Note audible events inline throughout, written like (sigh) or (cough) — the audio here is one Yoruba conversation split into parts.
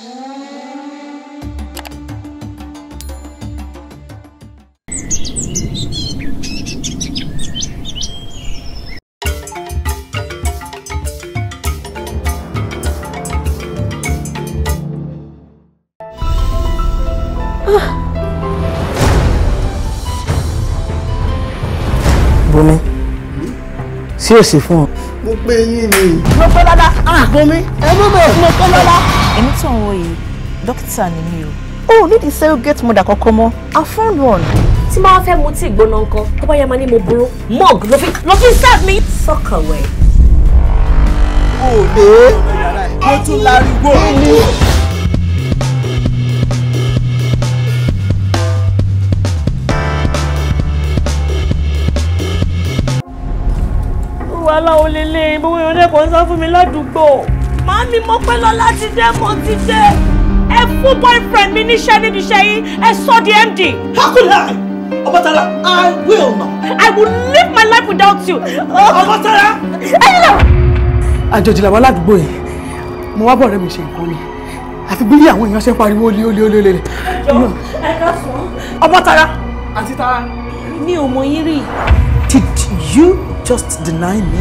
tí ò mo pe yín ni. mo pẹ́ lọ́la. ah bomi ẹ mú mi mo pẹ́ lọ́la èmi tó ń wo yìí dókítà ni mi o o ní di surrogate mother kankan mọ́ i found one. tí máa fẹ́ mu tí ìgbóná nǹkan tó bá yẹ máa ní mo burú mug ló fi ló fi serve mi. suck away. olè mo tún lárúgbó. wàhálà olè lè bó wọn yọ̀ọ́ dẹ́kun sá fún mi ládùúgbò màámi Mọ́pẹ́lọ́lá ti dé mo ti dé ẹ fún boyfriend mi níṣẹ́ níbi iṣẹ́ yín ẹ sọ di MD. How could I? Ọbátálá, I will not. I will live my life without you. Ọbátálá. Àjòjì làwọn aládùúgbò yìí, mo wá bọ̀ ọ̀rẹ́ mi ṣe nǹkan ni àti bí àwọn èèyàn ṣe ń pariwo olè olè olè olè. Ọbátálá àti Tara. mi ò mọ yín rí. Did you just deny me?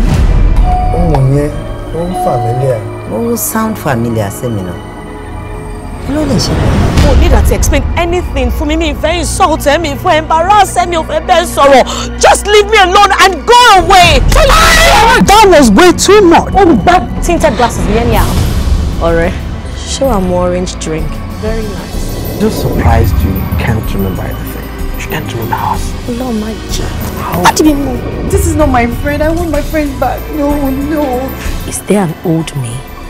ọmọ yẹn ó ń fà mí lẹ́yà ó sound familiar sí mi náà kí ló lè ṣẹlẹ̀. need her to explain anything fún me, mi ìfẹ́ insult me, mi ìfẹ́ embarrass me, mi ò sorrow. just leave me alone and go away. that was way too much. Oh, gbá tinted glasses ní ẹni àwọn. ọ̀rẹ́ ṣé wàá orange drink. very nice. just surprised you can't remember anything. You can't remember us. Lord, my How? This is not my friend. I want my friend back. No, no. Is there an old me?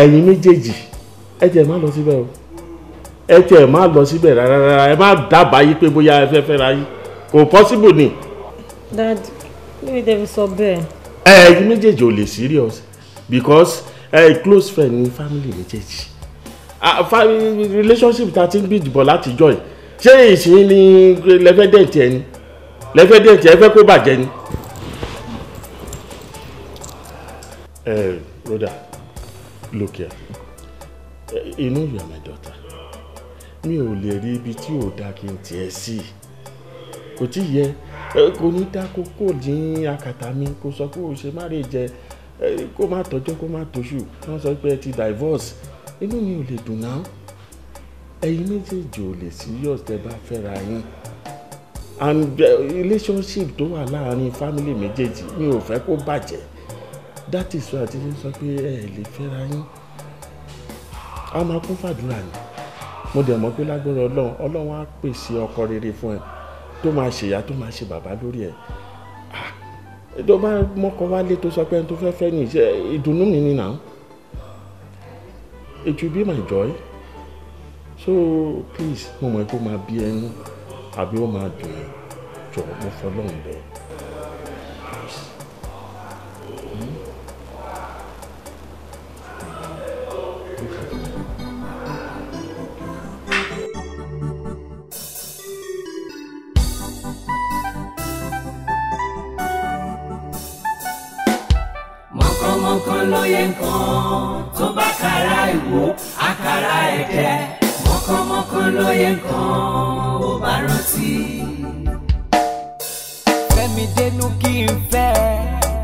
ẹ̀yin méjèèjì ẹ tiẹ̀ má lọ síbẹ̀ o ẹ tiẹ̀ má lọ síbẹ̀ rárá rárá ẹ má dábàá yìí pé bóyá ẹ fẹ́ fẹ́ra yìí kò pọ́síbù ni. dad lórí david sọ bẹ́ẹ̀. ẹ̀yin méjèèjì ò lè serious because ẹ close friend ni family méjèèjì relationship ta ti ń gbìdìbò látijọ́ yìí ṣé ìsìn ni lẹ́fẹ̀dẹ̀ntì ẹni lẹ́fẹ̀dẹ̀ntì ẹ fẹ́ kó bàjẹ́ ni. ẹ rọ́dà. Look here. Eh, you know you are my daughter. Mi ò lè rí ibi tí ò dá kí n tiẹ̀ sí. Kò tí yẹ eh, kò ní dá kókó ní akàtà mi kò sọ pé o ṣe má rè jẹ kó má tọjọ́ kó má tóṣù wọ́n sọ pé ẹ ti divorce inú mi ò lè dùn náà ẹ̀yin méjèèjì ò lè serious tẹ́ bá fẹ́ra yín and eh, relationship tó wà láàárín family méjèèjì mi ò fẹ́ kó bàjẹ́ That is why, ní sọ pé ẹ lè fẹ́ra yín a máa kún fàdúrà ni mo dẹ̀ mọ́ pé lágbára ọlọ́run ọlọ́run á pèsè ọkọ rere fún ẹ tó máa ṣèyá tó máa ṣe bàbá lórí ẹ ah, tó bá mọ́kọ wálé tó sọ pé ẹni tó fẹ́ fẹ́ nìyí ìdùnnú mi nìyà it will be my joy so please mo mọ̀ pé ó máa bí ẹnu àbí ó máa dùn jọ̀wọ́ mo fọlọ́run bẹ́ẹ̀. olóye kan ò bá rántí. fẹ́mi dénú kí n fẹ́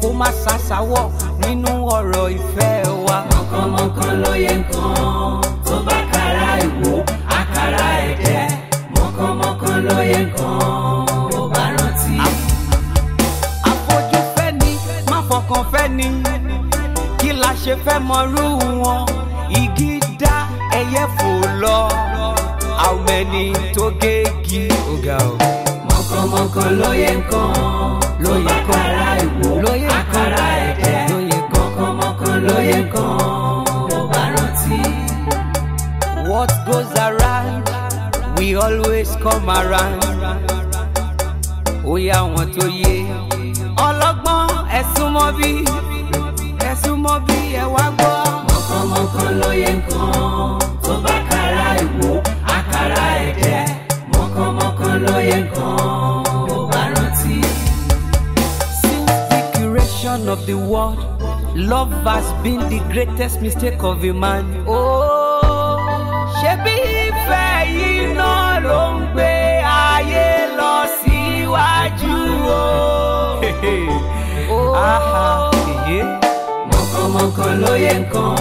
kó má ṣàṣàwọ̀ nínú ọ̀rọ̀ ìfẹ́ wa. mọ̀kànmọ́kàn lóye kan tó bá kára ìwò àkàrà ẹ̀dẹ́ mọ̀kànmọ́kàn lóye kan ò bá rántí. àfojú fẹ́ ni má kí la ṣe fẹ́ mọ̀rú wọn igi àwọn ẹni tó géègì ọ̀gá o. mọ̀kànmọ̀kàn lóye kan lóye kan ara ìwò lóye àkàrà ẹ̀dẹ̀ lóye mọ̀kànmọ̀kàn lóye kan ló bá rántí. what goes around we always come around. ó yá wọn tó yé ọlọ́gbọ́n ẹ̀sùn mọ́ bí ẹ̀sùn mọ́ bí ẹ̀ wá gbọ́. mọ̀kànmọ̀kàn lóye kan. world, love has been the greatest mistake of a man. Oh, ṣebí ìfẹ́ yìí náà ló ń gbé ayé lọ síwájú o. (laughs) Mọ̀kànmọ̀kàn lóye nǹkan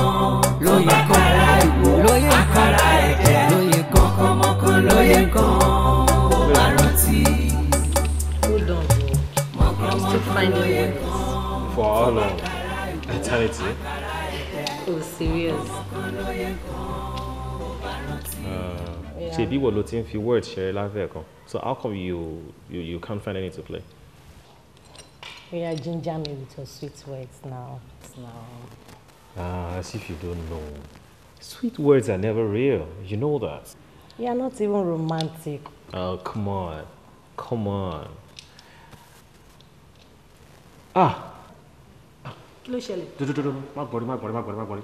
ló yẹ kára ìwò lóye àkàrà ẹ̀jẹ̀ lóye kọ̀ọ̀kan lóye nǹkan ó bá rántí. Hold on, mọ̀kànmọ̀kàn lóye. for how long? Eternity. Oh, serious. Ṣèbí wo ló ti ń fi word So how come you, you, you can't find any to play? We are ginger me with your sweet words now. now. Ah, as if you don't know. Sweet words are never real. You know that. You are not even romantic. Oh, come on. Come on. Ah, kí ló ṣẹlẹ̀. dododo má gbọ́rí má gbọ́rí má gbọ́rí má gbọ́rí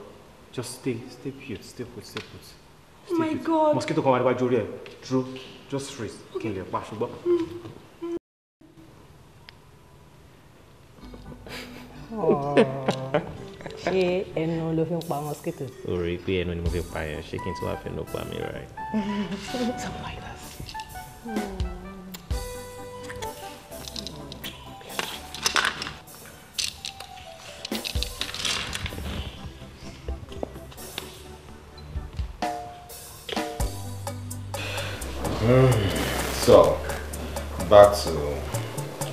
just stay stay put stay put stay put. oh my god mosquito kan wà níwájú orí ẹ dúró just freeze kí n lè pa ṣùgbọ́n. (laughs) ṣé ẹnu ló fi ń pa mosquito. o rí i pé ẹnu ni mo fi pa yẹn ṣé kí n tí wàá fẹnu pa mi rà ẹ. something like that. Hmm. So, back to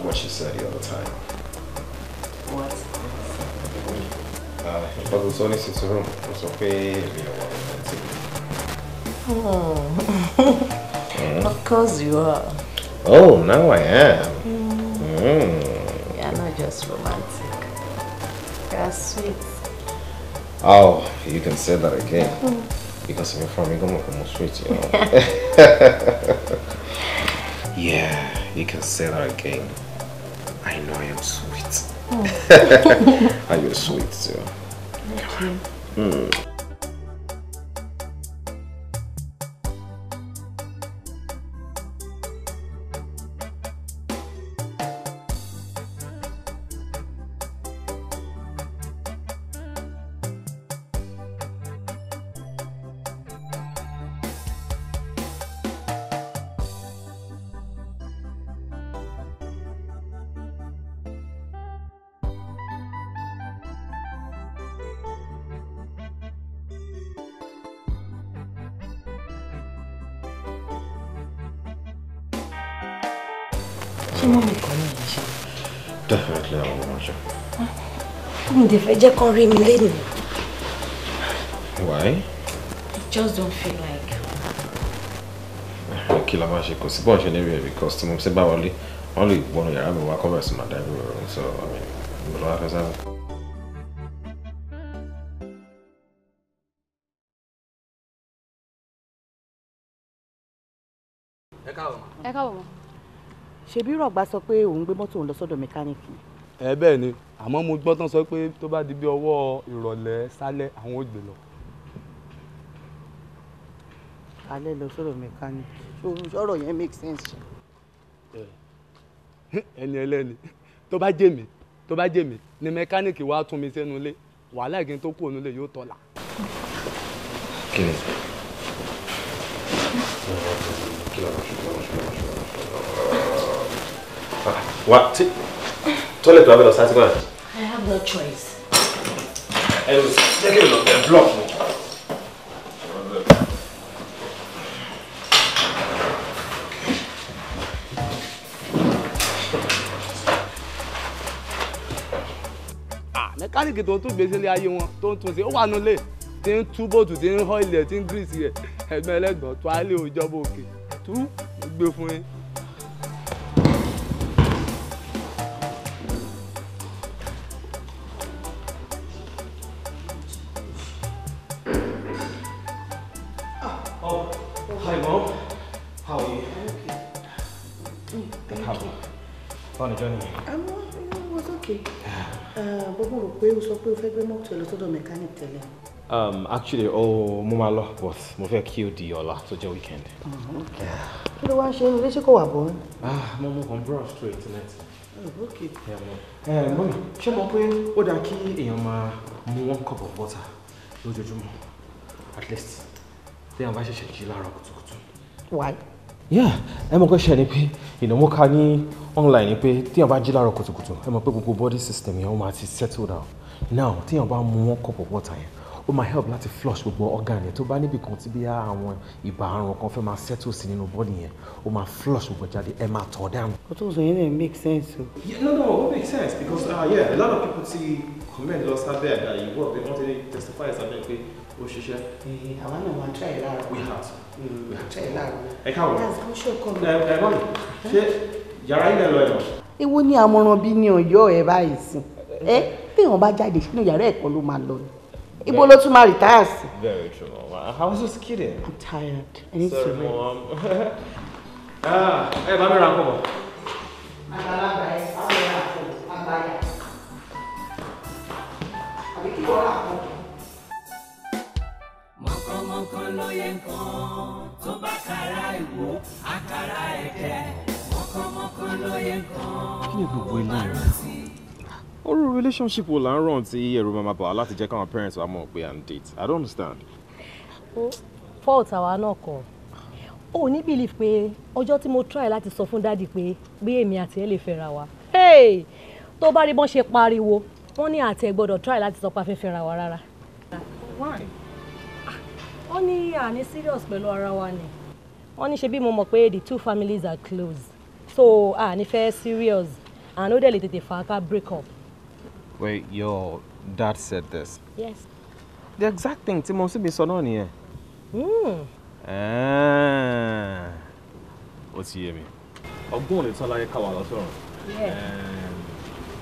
what you said the other time. What? Uh, ah, it was only sitting room. It was okay. Oh. mm. Of course you are. Oh, now I am. Mm. Mm. You're not just romantic. You're sweet. Oh, you can say that again. Mm quita se me fue a mí como, como switch, you know? (laughs) yeah, you can say that again. I know I am sweet. Oh. Are (laughs) you sweet too? Thank Mm. dẹ̀ fẹ́ jẹ́ kán rí mi lẹ́nu. why. I just don't feel like. kí la máa ṣe kò sí bọ́ọ̀ ṣe níbi ẹ̀ because tí mo ṣe bá wọlé wọ́n lè gbọ́nu yàrá mi wá kọ́bẹ̀ sí màdá ìlú rẹ̀ so I mean mo lọ́wọ́ fẹ́ sábà. ẹ káàbọ̀ mọ́. ẹ káàbọ̀ mọ́. ṣebí rọ̀gbà sọ pé òun gbé mọ́tò òun lọ sọ́dọ̀ mẹkáníìkì ni ẹ bẹ́ẹ̀ ni àmọ́ mo gbọ́ tán sọ pé tó bá di bí ọwọ́ ìrọ̀lẹ́ sálẹ̀ àwọn ò gbé lọ. alẹ́ lọ sọ̀rọ̀ mẹkáníìkì sọ̀rọ̀ yẹn make sense. ẹni ẹlẹ́ni tó bá jẹ́ mi tó bá jẹ́ mi ni mẹkáníìkì wa tún mi sẹ́nu ilé wàhálà ìgbín tó kù onílé yóò tọ́la. wa ti toilet wa bẹ lọ I have no choice. ẹ lọ jẹ́ kí n lọ bẹ block mi. Ah, mẹkáníìkì tó ń tún gbèsè ní ayé wọn tó ń tún sí ó wà nílé tí ń tú bòtù tí ń hó ilẹ̀ tí ń gírísì rẹ̀ ẹ̀gbẹ́ ẹlẹ́gbọ̀n tó pé o fẹ́ gbé mọ́tò lọ sọ́dọ̀ mechanic tẹ́lẹ̀. Um, actually, oh, mo máa lọ, but mo fẹ́ kí o di ọ̀la tó jẹ́ weekend. Ah, kí ló wá ń ṣe inú léṣe kò wà bọ́? Ah, mo mú kan brush to internet. Oh, Mọ́mí, eh, ṣé mo pé ó dáa kí èèyàn máa mú one cup of water lójoojúmọ́? At least, téèyàn bá ṣẹ̀ṣẹ̀ jí láàárọ̀ kùtùkùtù. Why? yeah ẹ mọ̀ pé ṣe ni pé ìnáwó ká ní online ni pé téèyàn bá jí láàárọ̀ kùtùkùtù ẹ mọ̀ pé gbogbo body system yẹn ó máa ti settle down now téèyàn bá mu one cup of water yẹn ó máa help láti flush gbogbo organ yẹn tó bá níbi kan tí bí àwọn ibà àrùn kan fẹ́ máa settle sí nínú body yẹn ó máa flush gbogbo jáde ẹ máa tọ̀ dànù. o tó sọ yẹn náà make sense o. no no it make sense because uh, yeah, a lot of people ti comment lọ sábẹ́ àgbà yìí wọ́n bẹ́ẹ̀ wọ́n ti testify sábẹ́ pé ó ṣiṣẹ́. àwa náà máa try láàárọ̀. we have to. Hmm, we have to. try láàárọ̀. ẹ káwọn. that's how sure come. ẹ ẹ bọ́ọ̀lù ṣé yàrá ilẹ̀ lọ ẹ̀ lọ. ewo ni àmọ̀ràn bí ni ọ̀yọ́ ẹ̀ báyìí sí téèyàn bá jáde sínú yàrá ẹ̀kọ́ ló máa lọ ibo ló tún máa retire sí. very true mama i was just kidding. i'm tired i need Sorry, to rest. (laughs) Ah, ẹ bá mi ra nǹkan bọ̀. relationship wo la ń ràn tí ẹ̀rù mama bàá láti jẹ́ káwọn parents wa mọ̀ pé à ń date i don't understand. fault àwa náà kọ o ò ní believe pé ọjọ́ tí mo try láti sọ fún dádì pé bí èmi àti ẹ lè fẹ́ra wa tó bá rí bọ́n ṣe pariwo wọ́n ní àti gbọ́dọ̀ try láti sọ pé fẹ́ fẹ́ra wa rárá. why? wọ́n ní àní serious pẹ̀lú ara wa ni wọ́n ní ṣe bí mo mọ̀ pé the two families are close so àní fẹ́ serious àná ó dẹ̀ lè tètè fà á ká break up. Wait, your dad said this? Yes. The exact thing tí mo sì bí sọ náà nìyẹn. Hmm. Ah. Ó ti yé mi. Ọgbọ́n ò lè tán láyé káwa lọ sọ̀rọ̀.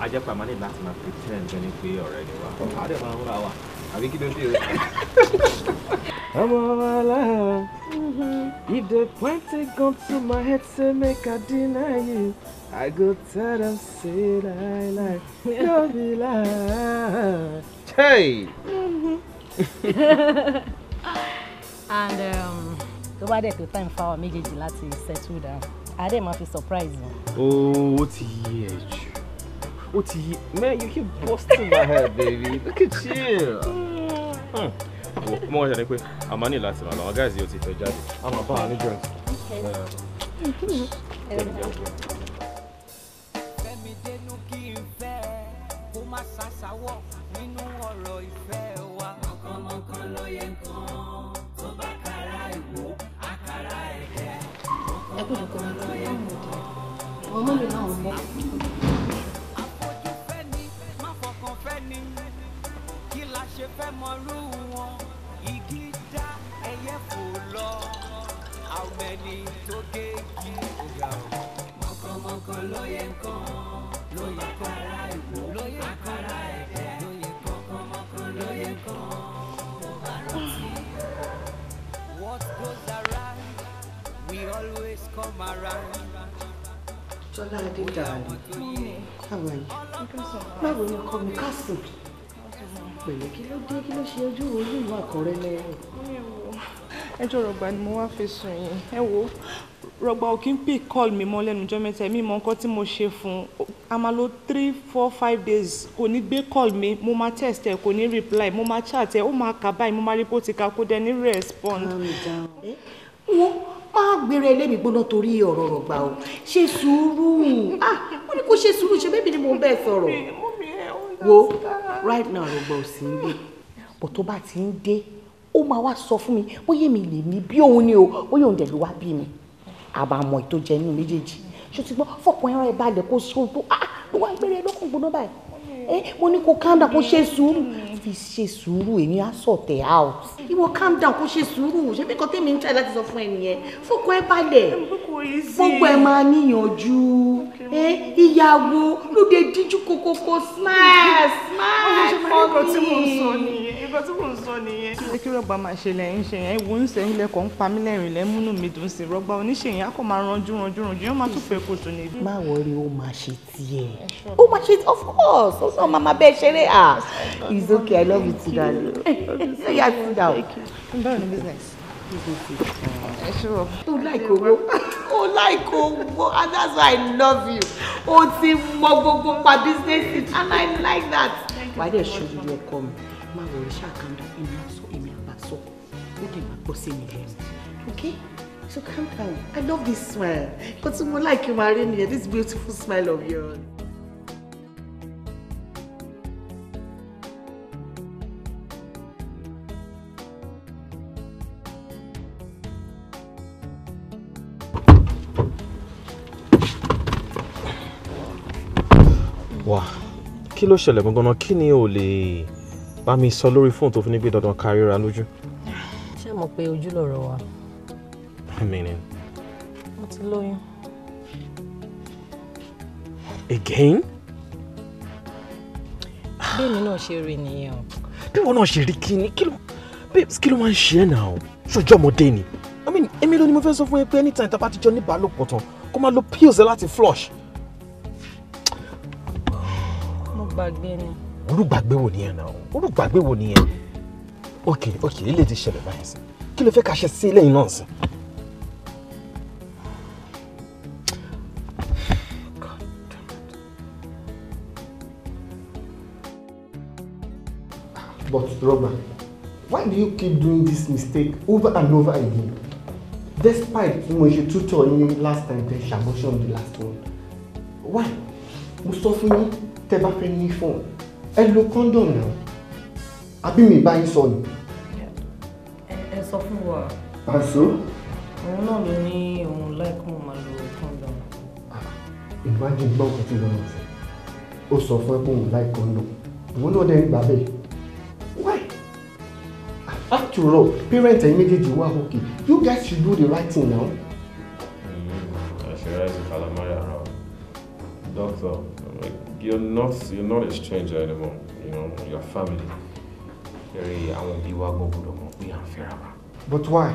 Ajẹ́pà máa ní láti máa pretend ẹni pé ọ̀rẹ́ ni wa. Àdé máa ń wúra wa. Àbí kí ló dé rẹ̀? Ọmọ aláàrọ̀, if the point dey to my head say make I deny you. I go tell them say lie lie, no be lie. Hey. Mm-hmm. (laughs) and um, tó bá dẹ̀ tó time fáwọn méjèèjì to settle down adé máa fi surprise wọn. Oh, ó ti yé ẹ jù ó ti yé man you keep busting my head baby look at you. Mm. Hmm. mo mọ̀ ọ́ ṣe ni pé a máa ní láti máa lọ àwọn guys yóò ti fẹ́ jáde a máa bá wa ní joint. Um, mm-hmm. má ṣàṣàwọ̀ nínú ọ̀rọ̀ ìfẹ́ wa. mọ̀kànmọ́kàn ló yẹ kan tó bá kára ìwò àkàrà ẹ̀jẹ̀ mọ̀kànmọ́kàn ló yẹ kan. àwọn mọ́lẹ̀ náà ń bọ̀. àfojú fẹ́ ni má fọkàn fẹ́ ni kí la ṣe fẹ́ mọ̀rú wọn igi dá ẹyẹ fò lọ àwọn ẹni tó géèjì ògà. mọ̀kànmọ́kàn ló yẹ kan lóye para ìwò lóye para ẹ̀dẹ̀ lóye kankan mọ́kàn lóye kan mo bá rántí. What goes around we always come around. Jọlá Adé dàrú. Báwo ni? Báwo ni ọkọ mi kásùn? Pẹ̀lẹ́ kí ló dé kí ló ṣe ojú olú ìwà àkọ́rẹ́ lẹ́yìn? Ẹ jọ̀rọ̀ ni mo wá fi sùn yìí. Ẹ wo Rọgba Okinpi call mi mọ́ lẹ́nu ọjọ́ mẹ́ta èmi mọ nǹkan tí mo ṣe fún un a lo three four five days kò ní gbé call mi mo máa text ẹ kò ní reply mo máa chat ẹ ó máa kà báyìí mo máa rí bó ti kó dẹ respond. wọ́n eh? máa gbéra ẹlẹ́mìí gbóná torí ọ̀rọ̀ Rọgba o ṣe sùúrù ah wọ́n ní kó ṣe sùúrù ṣe bẹ́ẹ̀ mi ni mo bẹ́ẹ̀ sọ̀rọ̀ eh, wo right now Rọgba ò sí ń gbé bó tó bá ti ń dé ó máa wá sọ fún mi bóyá èmi lè ní bí òun ni o bóyá òun dẹ̀ ló wá bí mi àbàmọ̀ ètò jẹ nínú méjèèjì ṣó ti gbọ́ fọkàn ẹran ẹ̀ balẹ̀ kó sóun ah wọ́n á gbére lọ́kùnkùn náà báyìí eh, mo ní kó kánda kó ṣe sùúrù fi ṣe sùúrù èmi á sọ̀tẹ̀ out. ìwọ calm down kó ṣe sùúrù ṣé bí nǹkan tèmi ń tẹ̀ láti sọ fún ẹ nìyẹn fọkàn ẹ balẹ̀ gbogbo ẹ máa níyànjú ìyàwó lóde díjú kokoko smile smile for me nǹkan tí mò ń sọ nìyẹn. ṣé kí rọgbà máa ṣe lẹ́yìn ṣe yẹn ìwò ń sẹ́yìn lẹ́kọ̀ọ́ ń pa mí lẹ́rìn lẹ́múnú mi dùn sí rọgbà oníṣèyìn akọ máa ranjú ranjú ranjú yóò máa tún fẹ́ kó tó níbi. má wọrí ó máa ṣe tiẹ̀ ó máa ṣe of course ó sọ mama bẹ́ẹ̀ ṣeré à ah, it's ok okay i love you too darling so yà (laughs) sit down. I'm doing business. Oh, like owó oh, like owó and that's why i love you Oh, see, ti go go pa business and i like that. wàá dẹ̀ ṣojú ọkọ mi máa wọ̀ ọ́ ṣàkàndà èmi àṣọ èmi àbàṣọ ó dẹ̀ máa pọ̀ sí mi lẹ́nu. okay. So calm down. I love this smile. Because I like you, Marini, this beautiful smile of yours. wà kí ló ṣẹlẹ̀ gangan náà kí ni o lè bá mi sọ lórí fóònù tó fi ní pé dandan káríra lójú. ṣé mo pe ojú lọ̀rọ̀ wa. Eh, mo ti lóyún. again. bí èmi náà ṣe rí nìyẹn o. bí wọn náà ṣe rí kí ni kí ló babes kí ló máa ń ṣe é náà ṣojú ọmọdé ni I mean èmi ló ni mo fẹ́ sọ fún ẹ pé anytime tá a bá ti ní ìbálòpọ̀ tán kó máa lo pills láti flush. olùgbàgbé ni. olùgbàgbé wo nìyẹn náà olùgbàgbé wo nìyẹn ok ok ilé ti ṣẹlẹ̀ báyìí sí kí ló fẹ́ ká ṣe sí lẹ́yìn náà sí. But Robert, why do you keep doing this mistake over and over again? Despite mo ṣe tutor yín last time then ṣàbọ̀ṣọ́ on the last one. Why? Mo sọ fún yín tẹ́ bá fẹ́ ní fóònù ẹ lo kọ́ńdọ̀m náà àbí mi bá yín sọ ni. ẹ sọ fún wa. àṣọ. òun náà ló ní òun láìkún máa lo kọ́ńdọ̀m. ìwádìí gbọ́ òkú tí wọ́n sọ ó sọ fún ẹ pé òun láì kọ́ńdọ̀m òun náà dẹ̀ ń gbà bẹ́ẹ̀ why after all parents ẹ̀ méjèèjì wà okay you guys should do the right thing now. you're not you're not a stranger anymore you know your family very àwọn òbí wa gbọ́ gbọ́dọ̀ mọ̀ pé but why.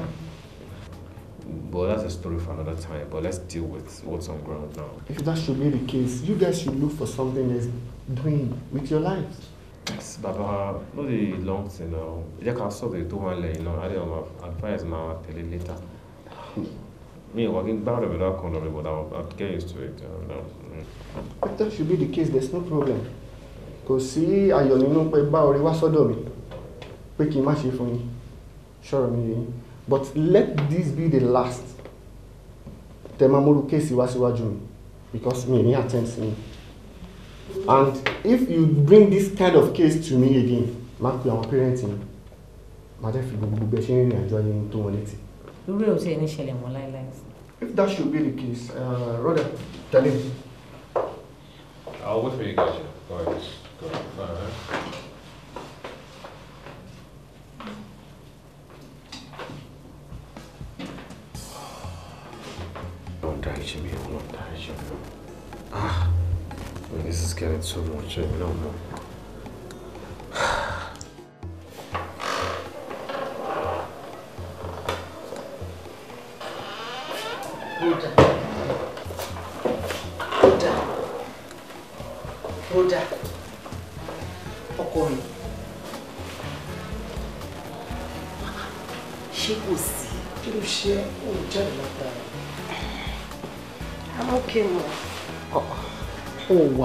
Well, that's a story for another time, but let's deal with what's on ground now. If that should be the case, you guys should look for something else doing with your lives. Yes, Baba, not the long thing now. You (laughs) can solve the two one you know. I don't have advice now, I'll tell you later. Me, working back of it, I'll come but I'll, get used to it. You know if that should be the case there's no problem kò sí ayọ̀ nínú pé bá orí wá sọ́dọ̀ mi pé kí n má ṣe fún yín ṣọ́rọ̀ mi yẹn but let this be the last tẹ máa múrú kéèsì wá síwájú mi because mi ní attend sí mi and if you bring this kind of case to me again máa pe àwọn parents mi máa dẹ́ fi gbogbo bẹ́ẹ̀ ṣe ń rìn àjọ ayé tó wọn létí. lórí òsì ẹni ṣẹlẹ̀ mọ́ láéláé. if that should be the case uh, rather tell him. I'll wait for you guys. Go ahead. Go ahead. All right. Ah, this is getting so much. I don't know.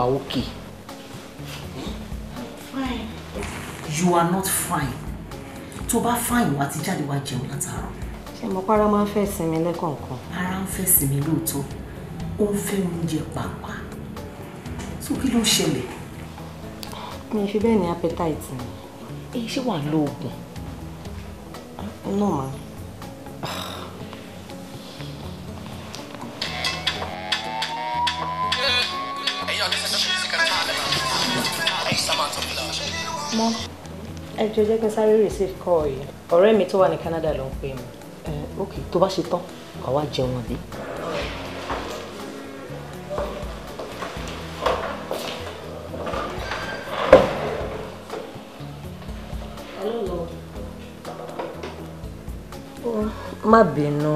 wà okay. fine. you are not fine. To be fine wà á ti jáde wá jẹun látàárọ̀. ṣé mo para máa ń fẹ́ sinmi lẹ́kọ̀ọ̀kan. ara ń fẹ́ sinmi lóòótọ́ ó ń fẹ́ oúnjẹ pàápàá tó kí ló ń ṣẹlẹ̀. mi appetite ni. èyí ṣé wàá lo oògùn. náà mọ́. ẹ jọ jẹ́ kí n sáré receive call yìí ọ̀rẹ́ mi tó wà ní Canada ló ń pè mí. ẹ ok tó bá ṣe tán kà wá jẹun àbí. má bínú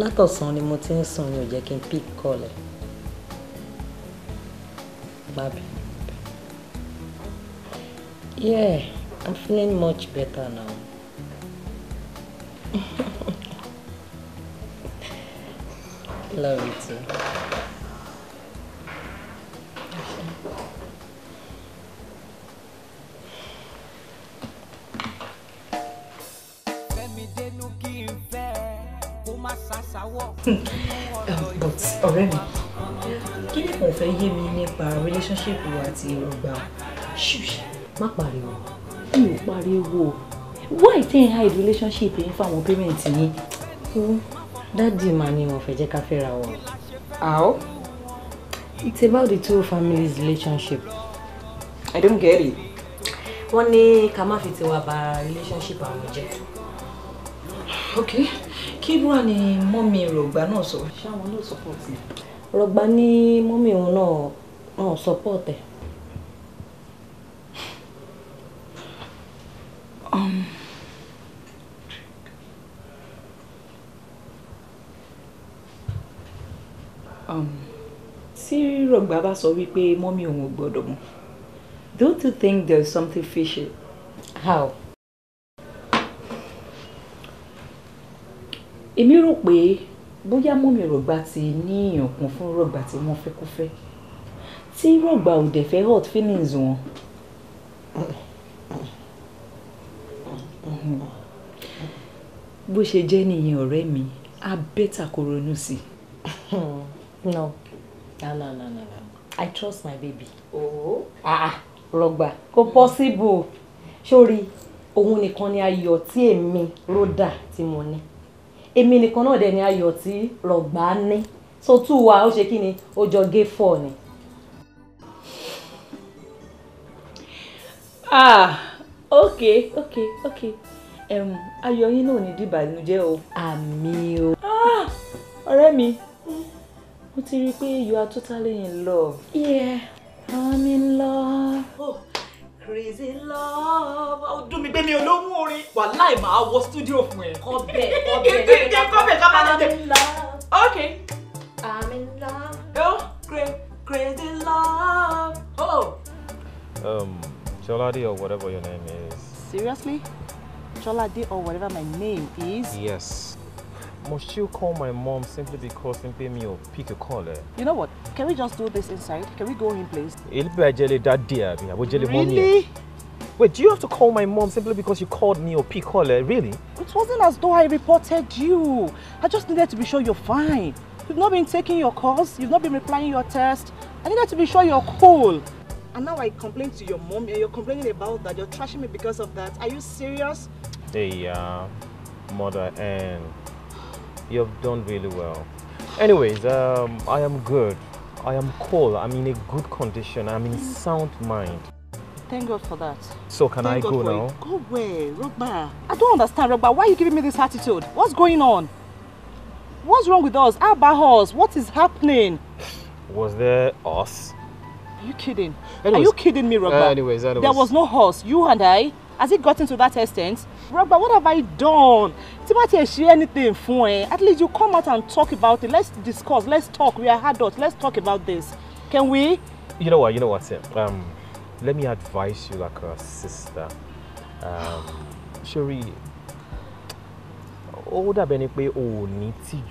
látọ̀sán ni mo ti ń sùn ni ò jẹ́ kí n pick call ẹ̀ má bínú. Yeah, I'm feeling much better now. (laughs) Love you too. (laughs) but already. Can you ni mo fẹ́ yé mi nípa relationship wa àti Yorùbá ṣùṣù má pariwo mi ò pariwo why ten hide relationship yín fáwọn parent yín fún dáàdì mà ni wọ́n fẹ́ jẹ́ ká fẹ́ra wọn. how. it's about the two families relationship. i don't get it. wọ́n ní ká má fi tiwa bà relationship àwọn jẹ́. ok kí wàá ní mọ́mí rògbà náà sọ. ṣáwọn náà support mi. rògbà ní mọ́mí òun náà náà support ẹ̀. Rọ̀gbà bá sọ wípé mọ́mí òun ò gbọ́dọ̀ mọ̀ don't you think there's something fishy? how? èmi rò pé bóyá mọ́mí Rọ̀gbà ti ní èèyàn kan fún Rọ̀gbà tí wọ́n fẹ́ kó fẹ́ tí Rọ̀gbà ò dẹ̀ fẹ́ hot feelings wọn. bó ṣe jẹ́ nìyẹn ọ̀rẹ́ mi a bẹ́tà kó ronú sí (laughs) no no no no no no i trust my baby. Oh. ah rọgbà ah, kò possible sórí òun nìkan ni ayọ̀ tí èmi ròdà tí mo ní èmi nìkan náà dẹ̀ ni ayọ̀ tí rọgbà ní so tú wa ó ṣe kí ni ó jọ gé fọ ni. ah okay, okay, okay. um, ayọ̀ yín náà ò ní dìbànújẹ́ o. àmì o. ah ọ̀rẹ́ mi mo ti rí i pé you are totally in love. yeah i'm in love. Oh, crazy love. ó dùn mí pé mi ò lóhùn orin. wàláì máa wọ studio fún ẹ. kọ́bẹ̀ kọ́bẹ̀ kọ́bẹ̀ kọ́bẹ̀ ká máa dé. I'm in love. okay. i'm in love. yo cra crazy love. oh. Um, Joladi or whatever your name is. Seriously? Joladi or whatever my name is? Yes. must you call my mom simply because simply me or pick a caller? You know what? Can we just do this inside? Can we go in, please? It'll be jelly that dear. Really? Wait, do you have to call my mom simply because you called me or pick caller? Really? It wasn't as though I reported you. I just needed to be sure you're fine. You've not been taking your calls. You've not been replying your text. I needed to be sure you're cool. And now I complain to your mom and you're complaining about that. You're trashing me because of that. Are you serious? Hey, uh, mother and eh. You've done really well. Anyways, um, I am good. I am cool. I'm in a good condition. I'm in sound mind. Thank God for that. So can Thank I God go now? It. Go away, Rogba. I don't understand, Robert. Why are you giving me this attitude? What's going on? What's wrong with us? Our about us? What is happening? Was there us? Are you kidding? Anyways, are you kidding me, Robert? Uh, anyways, anyways. There was no horse. You and I has it gotten to that extent? Robert, what have I done? Tí bá tiẹ̀ ṣe anything for ẹ, at least you come out and talk about it. Let's discuss, let's talk. We are adults, let's talk about this. Can we? You know what, you know what, Sam? Um, let me advise you like a sister. Um, Shuri, ó dàbẹ̀ ni o ò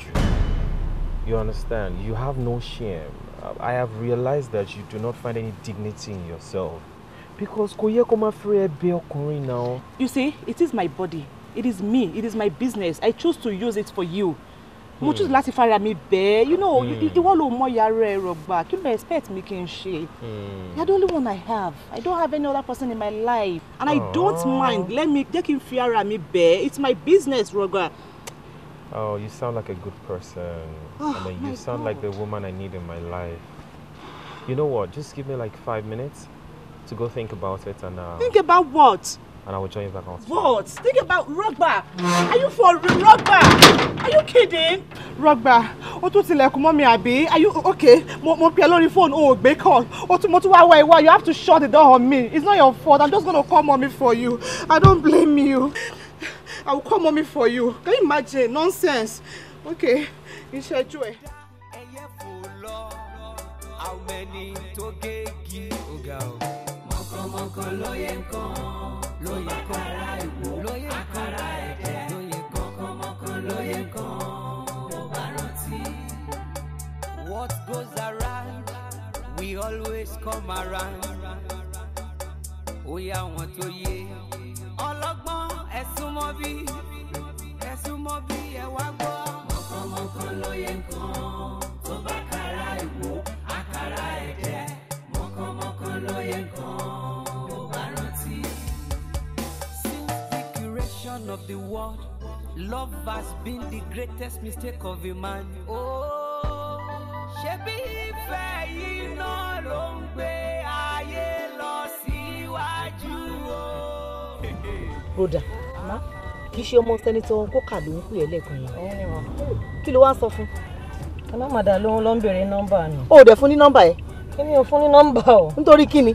You understand? You have no shame. I have realized that you do not find any dignity in yourself because kò yẹ kó máa fẹ́rẹ̀ bẹ ọkùnrin náà. you see it is my body it is me it is my business i choose to use it for you mo choose hmm. láti fara mi bẹ́ẹ̀ you know hmm. ìwọ ló mọ yàrá ẹ rọgbà kí ló expect mi kí n ṣe hmm. you are the only one i have i don't have any other person in my life and i don't oh. mind let me take kí n fi ara mi bẹ́ẹ̀ it's my business rọgbà. oh you sound like a good person oh, I mean, you sound God. like the woman i need in my life you know what just give me like five minutes to go think about it and. Uh, think about what? And I will join you back out. What? Think about Rugba. Are you for Rugba? Are you kidding? Rugba. o tún tilẹ̀kùn mọ́ mi àbí? Are you okay? Mo mo pe lórí phone o gbé call. O tún mo tún wá wá ìwà. You have to shut the door on me. It's not your fault. I'm just gonna call mommy for you. I don't blame you. I will call mommy for you. Can you imagine? Nonsense. Okay, ìṣẹ́jú ẹ̀. Ẹyẹ fò lọ, àwọn ẹni tó kan lóye kan lóye akara ìwò lóye àkàrà ẹ̀dẹ̀ lóye kankan mọ́kàn lóye kan mo bá rántí. What goes around we always come around. Ó yá wọn tó yé ọlọ́gbọ́n ẹ̀sùn mọ́ bí ẹ̀sùn mọ́ bí ẹ̀ wá gbọ́. the world, love has been the greatest mistake of a man. Oh, ṣebí ìfẹ́ yìí náà ló ń gbé ayé lọ ma kì í ṣe ọmọ sẹ́nitọ́ kókà ló ń pè ẹ́ lẹ́ẹ̀kan yẹn kí ló wá ń sọ fún. ọlọ́màdà ló ń lọ ń béèrè nọ́mbà nù. o ò dẹ̀ fún ní nọ́mbà ẹ̀. o fún ní nọ́mbà o. nítorí kí ni.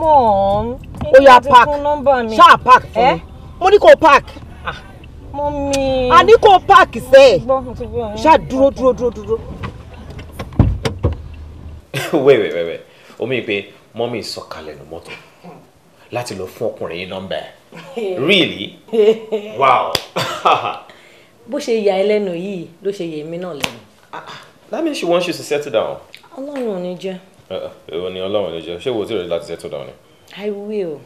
mọ̀ ọ́n. ó yá pack ṣáà pack fún mo ní kò park. Ah. mọ́mí. a ní kò park sẹ́ ẹ̀ ṣáà dúró dúró dúró dúró. (laughs) wait wait wait wait omi pé mọ́mí sọ̀kalẹ̀ ní mọ́tò láti lọ fún ọkùnrin yìí nọ́mbà ẹ̀ (laughs) really wow. (laughs) bó ṣe yà ẹ́ lẹ́nu yìí ló ṣe yà èmi náà lẹ́nu. Ah, ah. that means she wants you to settle down. ọlọ́run ò ní jẹ́. Uh-uh. èwo ni ọlọ́run ò ní jẹ́ ṣé wo ti rẹ̀ láti settle down ni. i will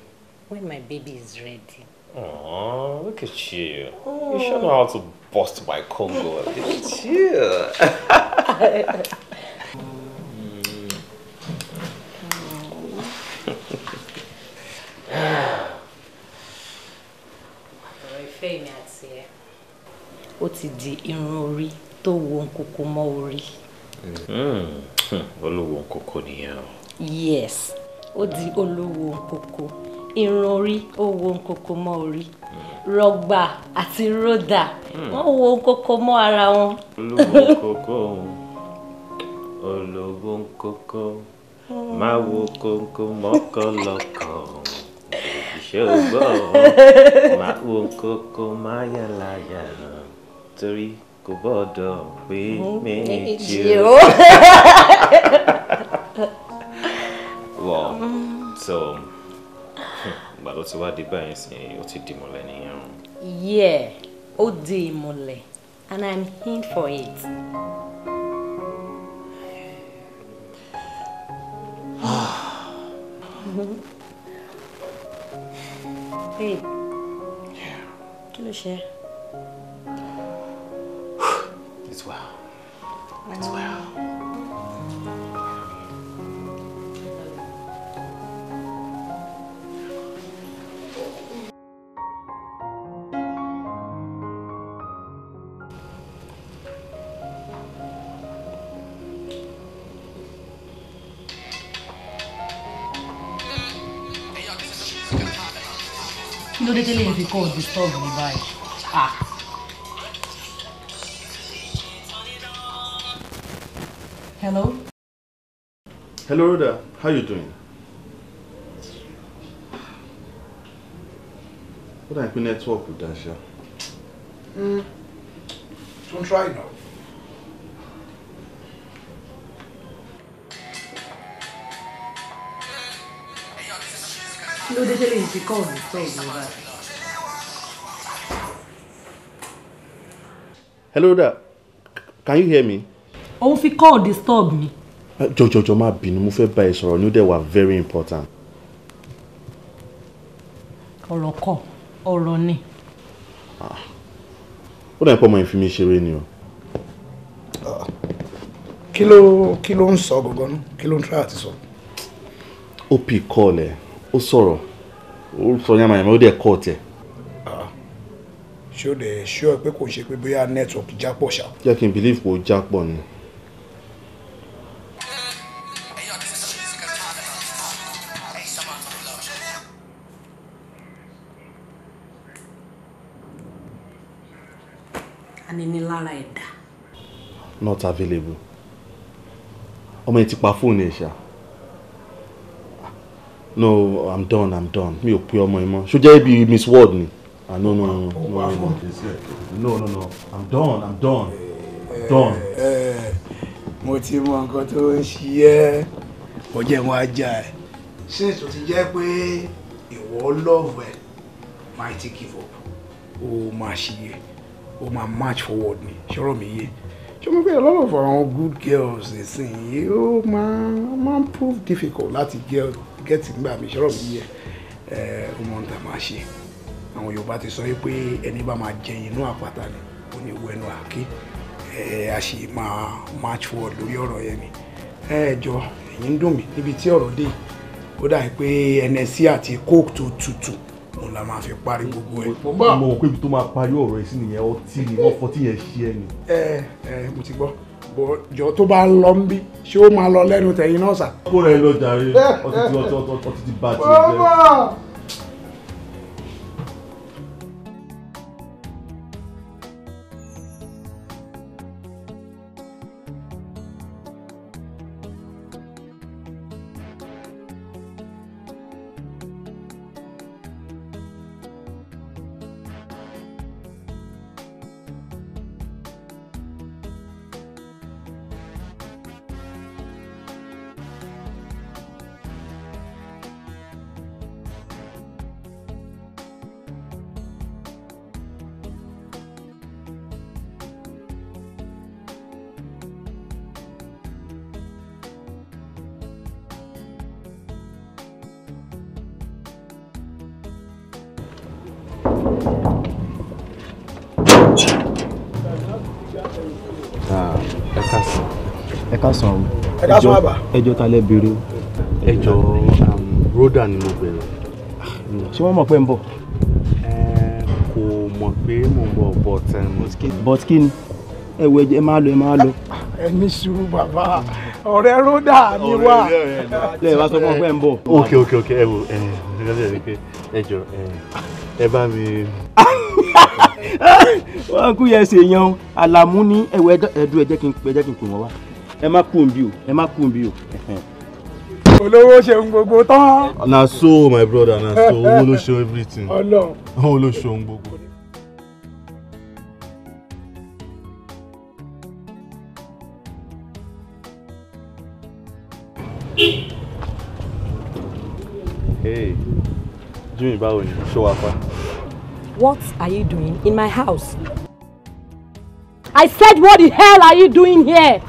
when my baby is ready. Oh, look at you. Oh. You sure know how to bust my Congo. look at you. ó ti di irun orí tó wo nkoko mọ́ orí. Hmm, hmm, olówó nkoko nìyẹn o. yes ó di olówó nkoko irun orí ó wo nkoko mọ́ orí rọgbà àti ròdà hmm. wọ́n wo nkoko mọ́ ara wọn. olówó nkoko (laughs) olówó nkoko hmm. máa wo kónkó mọ́kọ lọ́kọ̀ ṣé o gbọ́ (laughs) máa wo kónkó máa yàrá yàrá torí kò gbọ́dọ̀ pé méjì o. (laughs) Well, so ìgbà tó ti wá dé báyìí sìn ó ti di ìmọ̀lẹ̀ nìyẹn o. yeah ó di ìmọ̀lẹ̀ and i'm in for it. babe (sighs) kí ló ṣe. (sighs) it's well it's well. ló dé délé fi kọ́ disturb mi báyìí. Hello. Hello, Rhoda. How you doing? What dà pé network with dá ṣá. Mm. Don't try now. kí ló dé tẹ́lẹ̀ yìí hello da can you hear me. òun fi call disturb me. Jojo, má bínú mo fẹ́ bá ẹ sọ̀rọ̀ ní ó very important. ọ̀rọ̀ kọ̀ ọ̀rọ̀ ni. Ah. ó dà pọ̀ mọ́ ìfi mi ṣeré ni o. kilo ló kí ló ń sọ gangan try àti sọ. ó pì kọ́ọ̀lù ó sọ̀rọ̀ ó sọ yamayama ó dẹ̀ kọ́ ọ̀tẹ̀. Ah. ṣé o dẹ̀ ṣé ọ pé kò ṣe pé bóyá network jápọ̀ ṣá. jẹ́ kí n believe kò jápọ̀ ni. aninilára ẹ̀dá. not available ọmọ yẹn ti pa fóònù ẹ̀ ṣáà no i'm done i'm done mi ò pe ọmọ yìí mọ́ ṣó jẹ́ bí miss world ni ah no no no oh, no no no no no i'm done i'm done done. Eh, eh, mo ti mọ nǹkan tó ń ṣe ẹ́ ó jẹ́ wọn ajá ẹ̀ since o ti jẹ́ pé ìwọ love ẹ̀ máa ti give up o máa ṣe yẹ o máa march forward ni ṣọ́rọ̀ mi yé ṣé mo gbé a lot of our good girls nísìnyí ó máa máa prove difficult láti get gẹ́tì gbà mí ṣọ́rọ̀ mi yẹ ọmọ nta máa ṣe àwọn Yorùbá ti sọ pé ẹni bá máa jẹ inú àpáta ni ó ní owó ẹnu àáké a sì máa match word lórí ọ̀rọ̀ yẹn ni ẹ jọ èyí ń dùn mí níbi tí ọ̀rọ̀ dé ó dàbí pé nsc àti coke tó tutù òun la máa fi parí gbogbo ẹ. mo mọ̀ pé ibi tó máa parí ọ̀rọ̀ yìí sí nìyẹn ọtí ni wọ́n fọtí yẹn ṣí ẹ ni. ẹ ẹ mo ti gbọ́ bọ̀ jọ tó bá ń lọ ń bí ṣé ó máa lọ lẹ́nu tẹ̀yìn náà sà. kó rẹ̀ lọ jàre eh, ọtí ti bá tiẹ̀ jẹ́. ẹ ká sàn o ẹjọ́ ẹjọ́ ta lẹ béèrè o. ẹjọ́ um, roda ni mo béèrè. ṣé wọ́n mọ̀ pé ń bọ̀. kò mọ̀ pé mò ń bọ̀ but um, but kí ni ẹ wo ẹ máa lọ ẹ máa lọ. ẹni sùúrù bàbá ọ̀rẹ́ roda ni wà. lẹ́yìn wá sọ fún ọ pé ń bọ̀. ok ok ok ẹ wo ẹ ẹ jọ ẹ bá mi (laughs) wọn kú yẹn ṣèyàn alamu ní ẹwẹ ẹdú ẹjẹ kí n pè wọn wá ẹ má kú òǹbí o ẹ má kú òǹbí o. olówó ṣeun gbogbo tán. na so my brother na so owó ló ṣe everything owó ló ṣe ohun gbogbo. Hey, Jimmy báwo ni? Ṣé wàá pa? What are you doing in my house? I said what the hell are you doing here?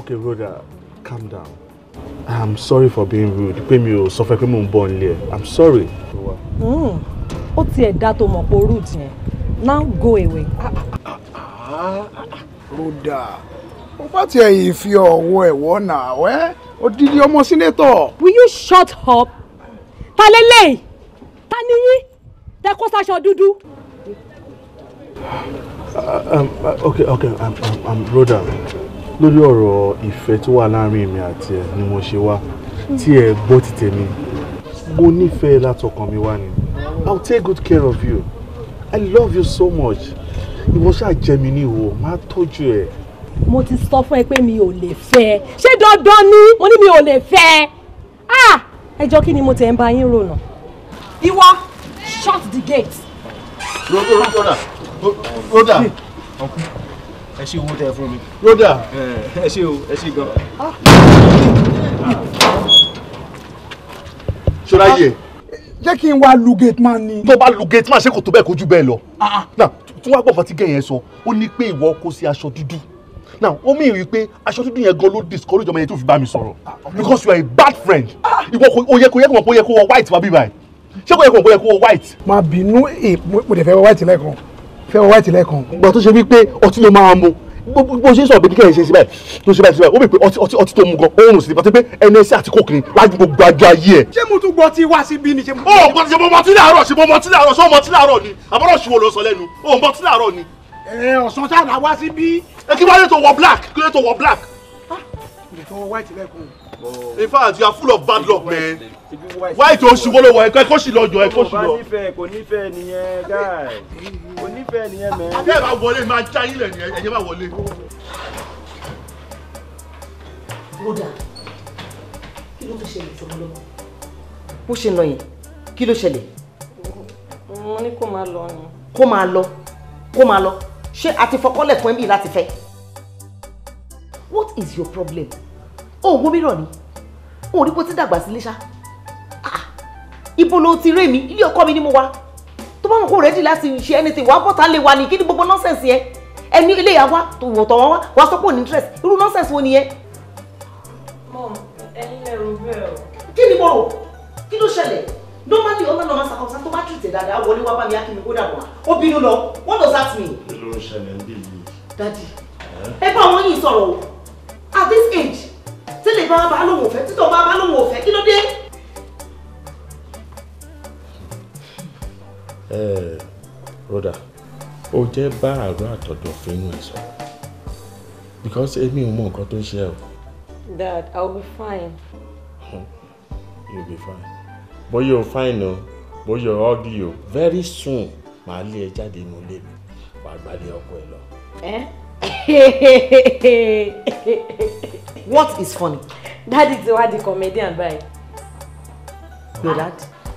okay broda calm down i'm sorry for being rude pé mi ò sọ fẹ́ pé mò ń bọ̀ nílé i'm sorry. Hmm, ó tiẹ̀ dá tó mọ̀ pé rude yẹn now go away. broda mo bá tiẹ̀ yìí fi ọ̀wọ́ ẹ̀wọ́ nà ẹ́ odidi ọmọ sínétọ̀. will you shut up? ta lélẹ́yìí ta ni yín tẹ kó sáṣọ dúdú. Uh, um, uh, okay, okay, I'm, I'm, I'm Rhoda lórí ọ̀rọ̀ ìfẹ́ tó wà láàrin mi àti ẹ̀ ni mo ṣe wá tí ẹ gbọ́ ti tèmi mo nífẹ̀ẹ́ látọkàn mi wá ni i take good care of you i love you so much ìwọ ṣáà jẹ mi ní ìwọ máa tọ́jú ẹ. mo ti sọ fún ẹ pé mi ò lè fẹ́ ṣé dandan ni mo ní mi ò lè fẹ́ ah! ẹ jọ kí ni mo tẹ̀ ń bá yín rònà. ìwọ shut the gate. rhoda rhoda ẹ ṣe owó tẹ fún mi. rọ́dà ẹ ṣe o ẹ ṣe gan. ṣọlá yẹ. jẹ́ kí n wá lu gate man ni. tó bá lu gate man ṣé kò tó bẹ́ẹ̀ kó jù bẹ́ẹ̀ lọ. Ah, ah. náà tí wọ́n á gbọ̀fọ̀ tí gẹ̀yẹn sọ ó ní pé ìwọ kó sí aṣọ dúdú now ó mí rí i pé aṣọ dúdú yẹn gan ló discourage ọmọ yẹn tó fi bá mi sọ̀rọ̀ ah, because you are a bad friend ìwọ kò yẹ kó yẹ kó mọ̀ pé ó yẹ kó wọ white wá bí báyìí ṣé kò yẹ kó mọ̀ pé ó yẹ kó wọ white. màá bínú èèpù eh, mo dẹ̀ white lẹ́kọ̀ọ́ fẹ́ràn white lẹ́ẹ̀kan gbọ́dọ̀ tó ṣe wípé ọtí ló máa mu bó ṣe ń sọ̀rọ̀ bíi kẹ́hìn ṣe síbẹ̀ tó ṣe báyìí síbẹ̀ ó bì pé ọtí ọtí tó mu gan oorun sí pàtó pé ẹni ẹsẹ̀ àti kòkìrín láti gbogbo àjọ ayé ẹ̀. ṣé mo tún gbọ́ tí wá síbí ni ṣé mo. ó gbọ́dọ̀ ṣe mo mọtí láàárọ̀ ṣe mo mọtí láàárọ̀ ṣé mo mọtí láàárọ̀ ni àbọ̀rọ̀ ṣùwò ló sọ lẹ́nu ó mọtí láàárọ̀ ni. ẹ ọ̀sán tá a là wá síbí. ẹ kí wáyé tó wọ black kí wáyé tó wọ black. Ah, in fact you are full of bad luck man white oṣù wo ló wọ ẹkọ ẹkọ sì lọ jọ ẹkọ sì lọ. kò nífẹ̀ẹ́ kò nífẹ̀ẹ́ nìyẹn guy kò nífẹ̀ẹ́ nìyẹn mẹ́rin. ẹ̀jẹ̀ bá wọlé máa já yín lẹ̀ ẹ̀jẹ̀ bá wọlé. kódà kí ló fi ṣẹlẹ̀ sọ́mọ bó ṣe nà yẹn kí ló ṣẹlẹ̀. mo ní kó máa lọ ni. kó máa lọ kó máa lọ ṣé a ti fọkànlẹ̀ fún ẹ̀mí láti fẹ́. what is your problem? o ò wo mìíràn ni o ò rí bó ti dàgbà sí iléṣà ibo ló ti rẹ́ mi ilé ọkọ mi ni mo wà tó bá wọn kó rẹ́dì láti ṣe anything wàá bọ́ta lè wà ní kí ni gbogbo nọ́sẹ̀sì yẹn ẹni ilé ìyá wa tó wọ̀ tọ̀ wọ́n wá wàá sọ pé òní interest irú nọ́sẹ̀sì wo nìyẹn. mom ẹni lè ro bẹ́ẹ̀ o. kí ni mo rò kí ló ṣẹlẹ̀ normally ọmọ náà máa ṣàkóso tó bá tù tẹ̀ dáadáa wọlé wá bá mi akínmi kó dàbọ̀ ó bínú lọ what does that mean. kí ló ń ṣẹlẹ̀ níbí yìí. dadi ẹ bá wọn yìí sọ̀rọ̀ o at this age tí lè bá bá lóun ò fẹ́ títọ́ bá bá lóun ò fẹ́ kí ló dé. broda ó jẹ́ bá àárọ̀ àtọ̀dọ̀ fínú ẹ̀ sọ because èmi ò mọ nǹkan tó ń ṣe o. dad i will be fine. (laughs) you be fine bóyá o fine o bóyá o ugly o very soon màá lé ẹ jáde inú ilé mi wàá gbalẹ̀ ọkọ ẹ lọ. Eh? what is funny. daddy ti wá di comedian báyìí. your dad.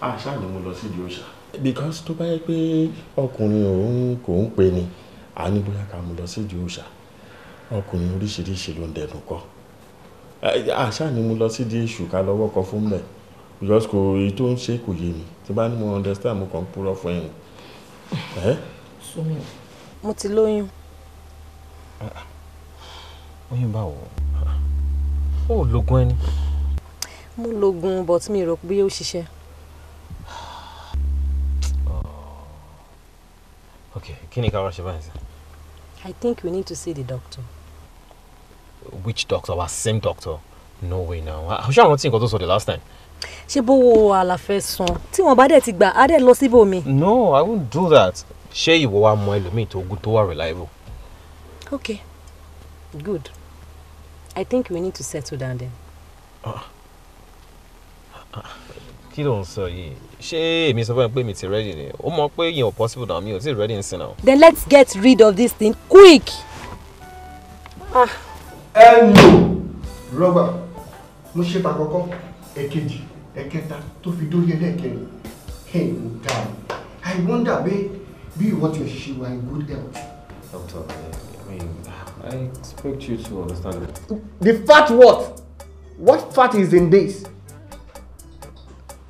àṣà ah, ni mo lọ sí ìdí òòṣà. because tó bá yẹ pé ọkùnrin òun kò ń pe ni a ní bóyá ká mú lọ sí ìdí òòṣà ọkùnrin oríṣiríṣi ló ń dẹnu kọ àṣà ah, ni mo lọ sí ìdí èṣù ká lọ́wọ́ kọ fún mẹ́ because kò èyí tó ń ṣe kò yé mi tí bá ní mo understand mo kàn ń purọ́ fún ẹ̀yìn. mo ti lóyún. Ah, oyún báwo ó lógún ẹni. mo lógún but mi rò pé ó ṣiṣẹ́. Okay, kí ni ká wá ṣe I think we need to see the doctor. Which doctor? Our same doctor? No way now. How shall I think nǹkan tó for the last time? Ṣé bówó àlàfẹ́ san? Tí wọ́n bá dẹ̀ ti gbà, á dẹ̀ lọ síbòmí. No, I won't do that. Ṣé ìwọ wa mọ ẹlòmíì tó good tó wà reliable? Okay, good. I think we need to settle down then. Ah, ah, ah, kí ló ń sọ yìí? ṣé èmi sọ fún ẹ pé mi ti ready ni ó mọ pé yẹn ò possible náà mi ò ti ready nsìn náà. then let's get rid of this thing quick. Ah. ẹ lò rọ́bà mo ṣe ta kọ́kọ́ ẹ̀kejì ẹ̀kẹta tó fi dórí ẹlẹ́ẹ̀kẹrin ẹ̀ mo dà i wonder pé bí ìwọ ti ṣe wà in good health. doctor i mean i expect you to understand me. the fat, what what fat is in this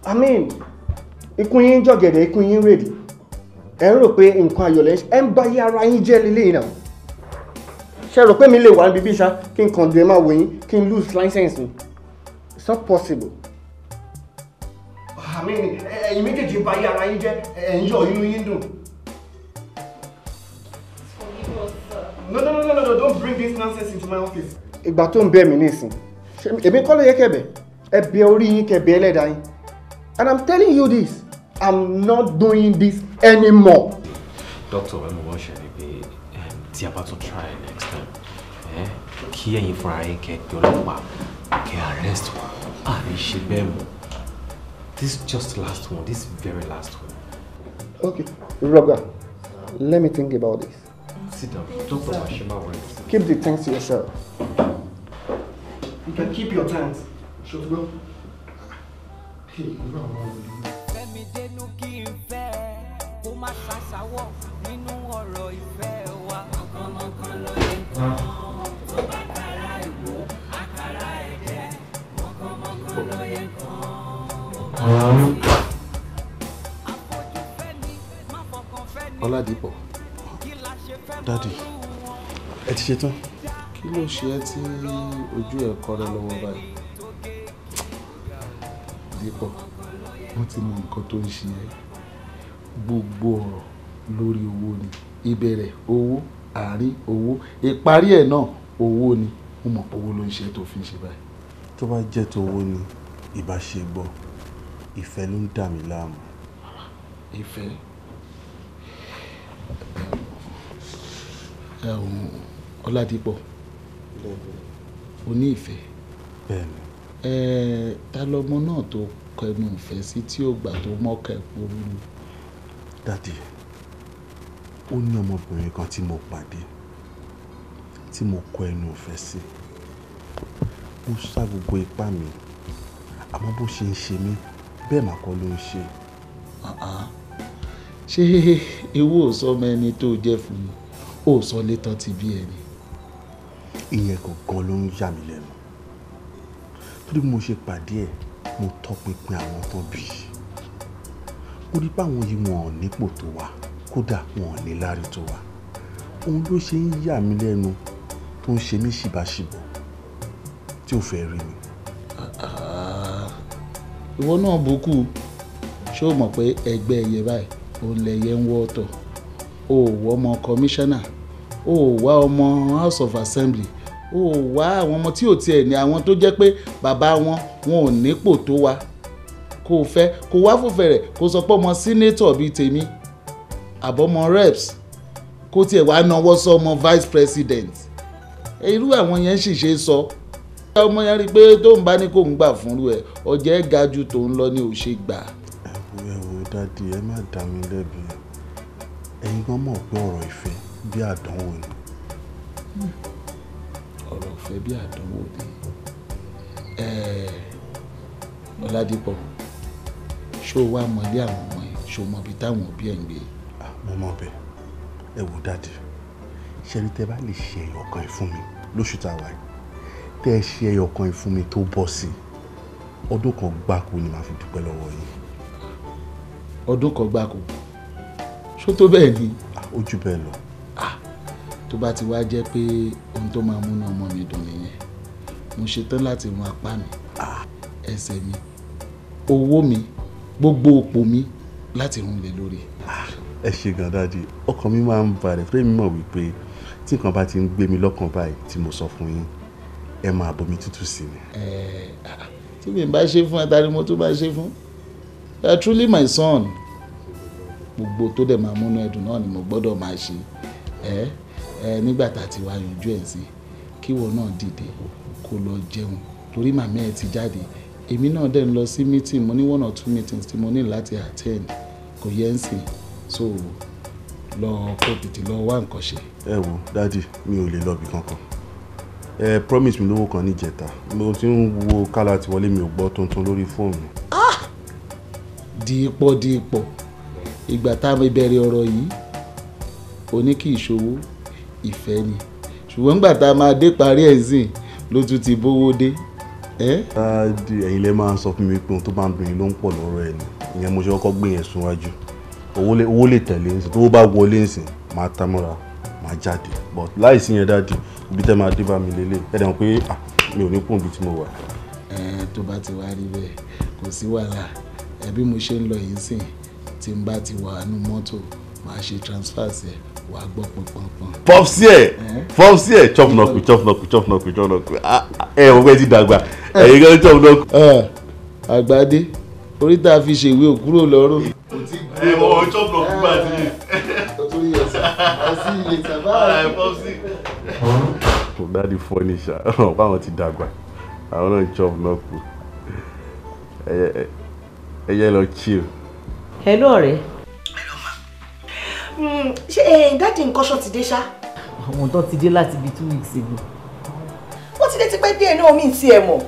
i mean ikùn yín jọ̀gẹ̀dẹ̀ ikùn yín rèdì ẹ ń rò pé nǹkan ayọ̀lẹ̀ ẹ ń bá yí ara yín jẹ́ lélẹ́yìn náà ṣe rò pé mi lè wà níbi bí ṣá kí n kàn dé máa wò yín kí n lose license mi it's not possible. àmì ah, ẹ̀yin méjèèjì ń bá yí ara yín jẹ́ ẹ̀ ń yọ inú yín dùn. no no no no no don't bring this nonsense into my office. ìgbà tó ń bẹ̀ mí nísìn èmi kọ́ ló yẹ kẹ̀bẹ̀ ẹ bẹ orí yín kẹ̀bẹ̀ ẹlẹ́dàá yín and i'm telling you this I'm not doing this anymore. Doctor, ẹ mọ̀ wọ́n ṣe rí about to try next time eh, kí ẹ̀yin fúnra yín kẹ́ di ọlọ́pàá kẹ́ arrest wọn à ní ṣe bẹ́ẹ̀ this just last one this very last one. okay Roger let me think about this. sit down doctor mashima worry. keep the things to yourself. you can keep your things. ṣùgbọ́n. Hey, you're wrong má ṣàṣàwọ̀ nínú ọ̀rọ̀ ìfẹ́ wa. mọ̀kànmọ́kàn ló lè kàn án tó bá kára ìwò àkàrà ẹ̀jẹ̀ mọ̀kànmọ́kàn ló lè kàn án. Ọládìpọ̀ dádì ẹ ti ṣetán kí ló ṣe ẹ́ tí ojú ẹ̀ kọrẹ lọ́wọ́ báyìí Dípọ̀ wọ́n ti mọ nǹkan tó ń ṣe ẹ́ gbogbo ọ̀rọ̀ lórí owó ni ìbẹ̀rẹ̀ owó àárín owó ìparí ẹ̀ náà owó ni mo mọ̀ pé owó ló ń ṣe tó fi ń ṣe báyìí. tó bá jẹ́ tó owó ni ìbá gbọ́ ìfẹ́ ló ń dà mí láàmú. ìfẹ́ ọládìpọ̀ o ní ìfẹ́ ta lọmọ náà tó kẹnu ìfẹ́ sí tí ó gbà tó mọ́kẹ́ porúru. Dádì, ó ní ọmọbìnrin kan tí mo pàdé, tí mo kọ ẹnu ìfẹ́ sí. Mo sá gbogbo ipá mi, àmọ́ bó ṣe ń ṣe mí, bẹ́ẹ̀ mà kọ́ ló ń ṣe. Àà, ah, ah. ṣé ewu ò sọ ọmọ ẹni tó jẹ́ fún mi? Ó sọ létan ti bí ẹni. Ìyẹn gangan ló ń yà mí lẹ́nu. Torí mo ṣe pàdé ẹ̀, mo tọpinpin àwọn tó bí i ó rí páwọn yìí wọn ò nípò tó wà kódà wọn ò ní lárí tó wà òun ló ṣe ń yà mí lẹ́nu tó ń ṣe mí ṣìbáṣìbọ̀ tí ò fẹ́ rí mi. ìwọ náà bukú ṣé o mọ̀ pé ẹgbẹ́ ẹyẹ báyìí òun lẹ̀yẹ ń wọ́ ọ̀tọ̀ o ò wọ́ ọmọ kọmíṣánná o ò wá ọmọ house of assembly o ò wá àwọn ọmọ tí ò tiẹ̀ ní àwọn tó jẹ́ pé bàbá wọn wọn ò nípò tó wa kó o fẹ́ kó o wá fòfẹ̀rẹ̀ kó o sọ pé ọmọ sínétọ̀ bíi tèmi àbọ̀mọ reps kó tiẹ̀ wá náwó sọ ọmọ vice president irú àwọn yẹn sì ṣe sọ ọmọ yẹn rí i pé tó ń bá ní kó ń gbà fúnrú ẹ ọjà ẹ ga ju tòun lọ ni ò ṣe gbà. ẹ wo dáàdi ẹ má dá mi lẹ́bi ẹ̀yin gan mọ̀ pé ọ̀rọ̀ ìfẹ́ bí àdánwò ni. ọ̀rọ̀ ìfẹ́ bí àdánwò ni ọ̀làdìpọ̀. Eh, ṣó o wá mọlé àwọn ọmọ yìí ṣó o mọ ibi táwọn òbí ẹ̀ ń gbé. mo mọ bẹ́ẹ̀ ẹ wò dáàdì ṣẹni tẹ bá lè ṣe ẹyọkan ẹ mi lóṣù tá a wà yìí tẹ ẹ ṣe ẹyọkan ẹ fún mi tó bọ́ sí i ọdún kan gbáko ni màá fi dúpẹ́ lọ́wọ́ yìí. ọdún kan gbáko ṣó tó bẹ́ẹ̀ ni. ó jù bẹ́ẹ̀ lọ. tó bá ti wá jẹ́ pé ohun tó máa múná ọmọ mi dùn nìyẹn mo ṣetán láti run apá mi ẹsẹ̀ mi owó mi gbogbo òpó mi láti rún lé lórí. Ah, ẹ ṣe gan ọkàn mi máa ń balẹ̀ fún mi mọ̀ wípé tí nǹkan bá ti ń gbé mi lọ́kàn báyìí tí mo sọ fún yín ẹ máa bomi tútù sí mi. Ah, ah, tí mi bá ṣe fún ẹ ta mo tún bá ṣe fún you are truly my son gbogbo tó dẹ̀ máa múnú ẹ̀dùn náà ni mo gbọ́dọ̀ máa ṣe ẹ ẹ nígbà tá a ti wá yanjú ẹ̀ sí kíwọ náà dìde kó lọ jẹun torí màmá ẹ ti jáde èmi náà dẹ̀ ń lọ sí meeting mo ní one or two meetings tí mo ní láti attend kò yẹ ń sìn so lọ kó tètè lọ wá nǹkan ṣe. ẹ wo dádì mi ò lè lọ bí kankan ẹ promise mi lówó kan níjẹta mo ti ń wo kálá tí wọlé mi ò gbọ́ tuntun lórí fóònù mi. Ah! dípò dípò ìgbà tá a bẹ̀rẹ̀ ọ̀rọ̀ yìí oní kì í ṣòwò ìfẹ́ ni ṣùgbọ́n ìgbà tá a máa dé parí ẹ̀ sìn ló tún ti bówó dé Eh? ẹ̀yin lẹ máa ń sọ fún mi pé ohun tó bá ń dùn yín ló ń pọ̀ lọ́rọ̀ ẹ̀ ni ìyẹn mo ṣe kọ́kọ́ gbé yẹn síwájú owó lè tẹ̀lé nsìn tó bá wọlé nsìn máa tamọ́ra máa jáde but láìsí yẹn dáàdì ibi tẹ́ máa dé bá mi lélẹ̀ ẹ̀ dàn pé mi ò ní kún ibi tí mo wà. ẹ tó bá ti wá rí bẹ́ẹ̀ kò sí wàhálà ẹbí mo ṣe ń lọ yìí sìn tí n bá ti wà nù mọ́tò máa ṣe transfer sí ẹ wàá gbọ́ pọ̀npọ̀npọ̀n. pọ́psí ẹ̀ pọ́psí ẹ̀ chop nọ̀kù chop nọ̀kù chop nọ̀kù chop nọ̀kù ẹ̀ ò gbẹ́ ti dàgbà Eh. ẹ̀yin kan jọ̀ ọ́ eh, àgbàdé orí tá a fi ṣèwé òkúrò lọ́rùn. E kò tí ì gbé ọwọ́ ṣọ́ọ̀bù náà kúgbà tí yẹn. torí ẹ̀sán àti ilé sábà. kò dáàdi fọ́ni ṣá ọ̀pá àwọn ti dàgbà àwọn náà ṣọ́ọ̀bù náà kù ẹyẹ lọ chill. hello ọ̀rẹ́. Hmm, ṣé eh, dáàdi nǹkan ṣọ́ ti dé ṣá. àwọn tó ti dé láti bíi two weeks ago. wọ́n ti dé tipẹ́ díẹ̀ náà mi ì tiẹ̀ mọ̀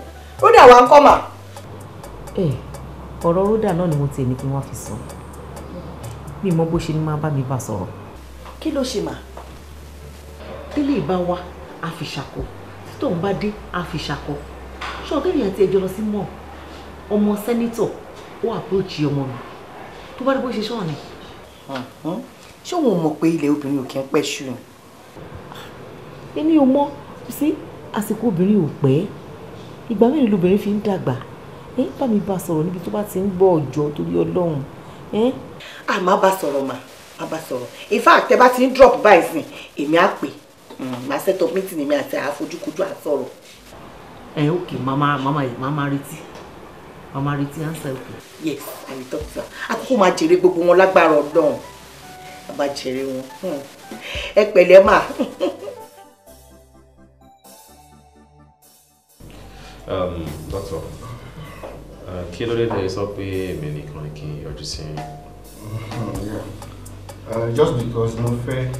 rúdà wa ń kọ́ mà. ẹ ọ̀rọ̀ rúdà náà ni mo ti ní kí wọ́n fi sọ mi mọ bó ṣe ni máa bá mi bá sọ̀rọ̀. kí ló ṣe mà. délé ìbá wa àfìṣàkọ tí tóun bá dé àfìṣàkọ ṣọ́ọ́ kẹ́mi àti ẹjọ́ lọ sí mọ́ ọmọ sẹ́nítọ̀ ó àpòjì ọmọ mi tó bá dé bó ṣe ṣọ́ọ̀ ni. ṣé òun mọ̀ pé ilẹ̀ obìnrin ò kí ń pẹ́ ṣù ni. èmi ò mọ̀ sí àsìkò obìnrin ò pẹ́ ìgbà mélòó lobìnrin fi ń dàgbà ẹ bá mi bá sọ̀rọ̀ níbi tó bá ti ń gbọ́ ọjọ́ torí ọlọ́run. a máa bá sọ̀rọ̀ mà máa bá sọ̀rọ̀ in fact tẹ bá ti ń drop by sin èmi á pè máa hmm, set up meeting èmi àti àfojúkojú àsọ̀rọ̀. ẹ ok mama mama mama retí mama retí answer ok. yes i will talk to her akókò máa jèrè gbogbo wọn lágbára ọlọ́run a máa jèrè wọn hmm. ẹ pẹ̀lẹ́ mà. (laughs) Um, doctor, uh, kí ló dé tẹ̀ sọ pé èmi nìkan (laughs) uh, Just because mo fẹ́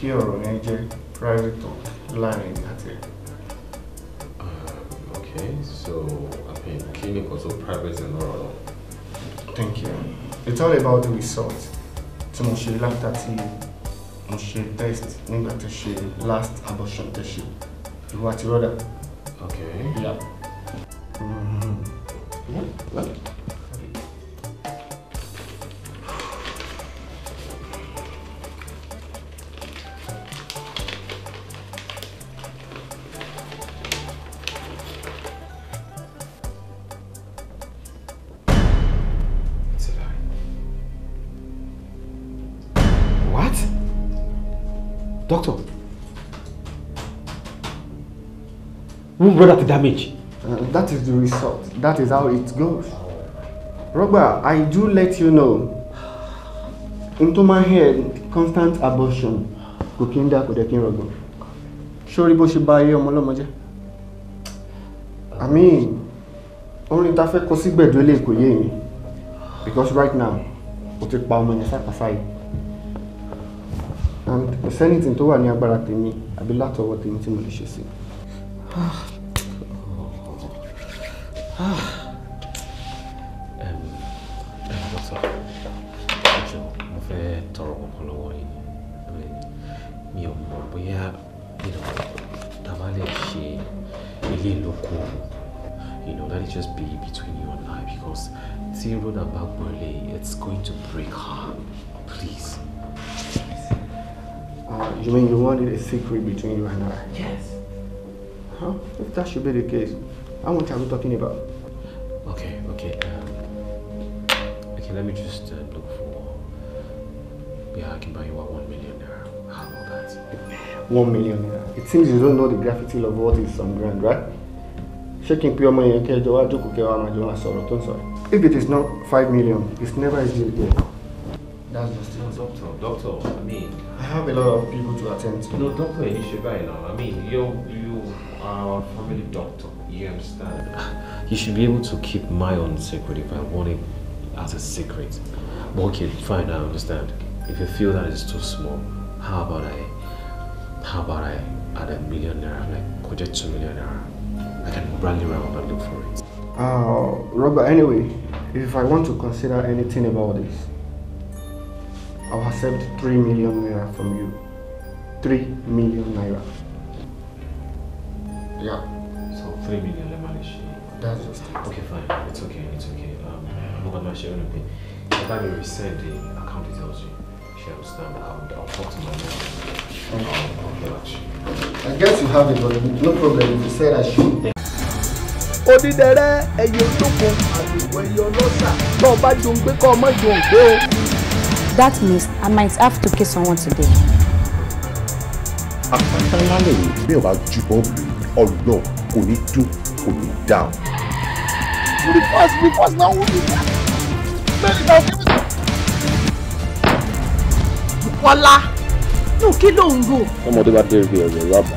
kí ọ̀rọ̀ jẹ́ private talk láàrin ìgbà tẹ̀. Um, okay, so I mean, kí kò tó private ẹ̀ lọ́rọ̀ Thank you. It's all about the result tí mo ṣe láfta tí mo ṣe test nígbà tó ṣe last abortion tẹ̀ ṣe. Ìwà àti rọ́dà. Okay. Yeah. Doctor, room brought out the damage. that is the result. That is how it goes. Robert, I do let you know. Into my head, constant abortion. Kò kí ń dá kò dẹ̀ kí ń rọgbọ̀n. Ṣórí bó ṣe I mean, only ta fẹ́ kọ sí gbẹ̀dọ̀ lè kò yé Because right now, o ti pa ọmọ yẹn sápàsáyé. And the sẹ́ni tí one wà ní agbára tèmi àbí látọwọ́ tèmi tí mo lè that should be the case. How much are we talking about? Okay, okay. Um, okay, let me just uh, look for. Yeah, I can buy you what, one million naira. How about that? One million naira. It seems you don't know the graffiti of what is some grand, right? Shaking pure money, okay, Joe, Joe, okay, I'm Joe, sorry, don't sorry. If it is not five million, it's never as due there. That's just it. Doctor, doctor, I mean. I have a lot of people to attend to. No, doctor, you should buy now. I mean, you're. You our family doctor. You understand? You should be able to keep my own secret if I want it as a secret. But okay, fine, I understand. If you feel that it's too small, how about I, how about I add a million naira, like project two million naira? I can rally around and look for it. Uh, Robert, anyway, if I want to consider anything about this, I'll accept three million naira from you. Three million naira. Yeah. So three million let me manage That's just it. Okay, fine. It's okay. It's okay. Um, I'm not gonna share anything. If I reset the account details, you share with them. I'll, I'll talk to my manager. Okay, I'll, um, I'll I guess you have it, but no problem. If you said I should. Yeah. odidẹrẹ ẹyẹ olókun àlùwẹ ẹyẹ ọlọ́sà bọ́ọ̀ bá jòun gbé kọ́ ọmọ jòun o. that means i might have to kiss someone today. àpáńtá ńlá lè rí bí ọba jùbọ́ bù ọlọ́run kò ní dún kò ní dáhùn. the first the first na who be that many na give me. Bùkọ́lá kí ló gò. ọmọ tó bá dé ibi ẹ̀rọ rábà.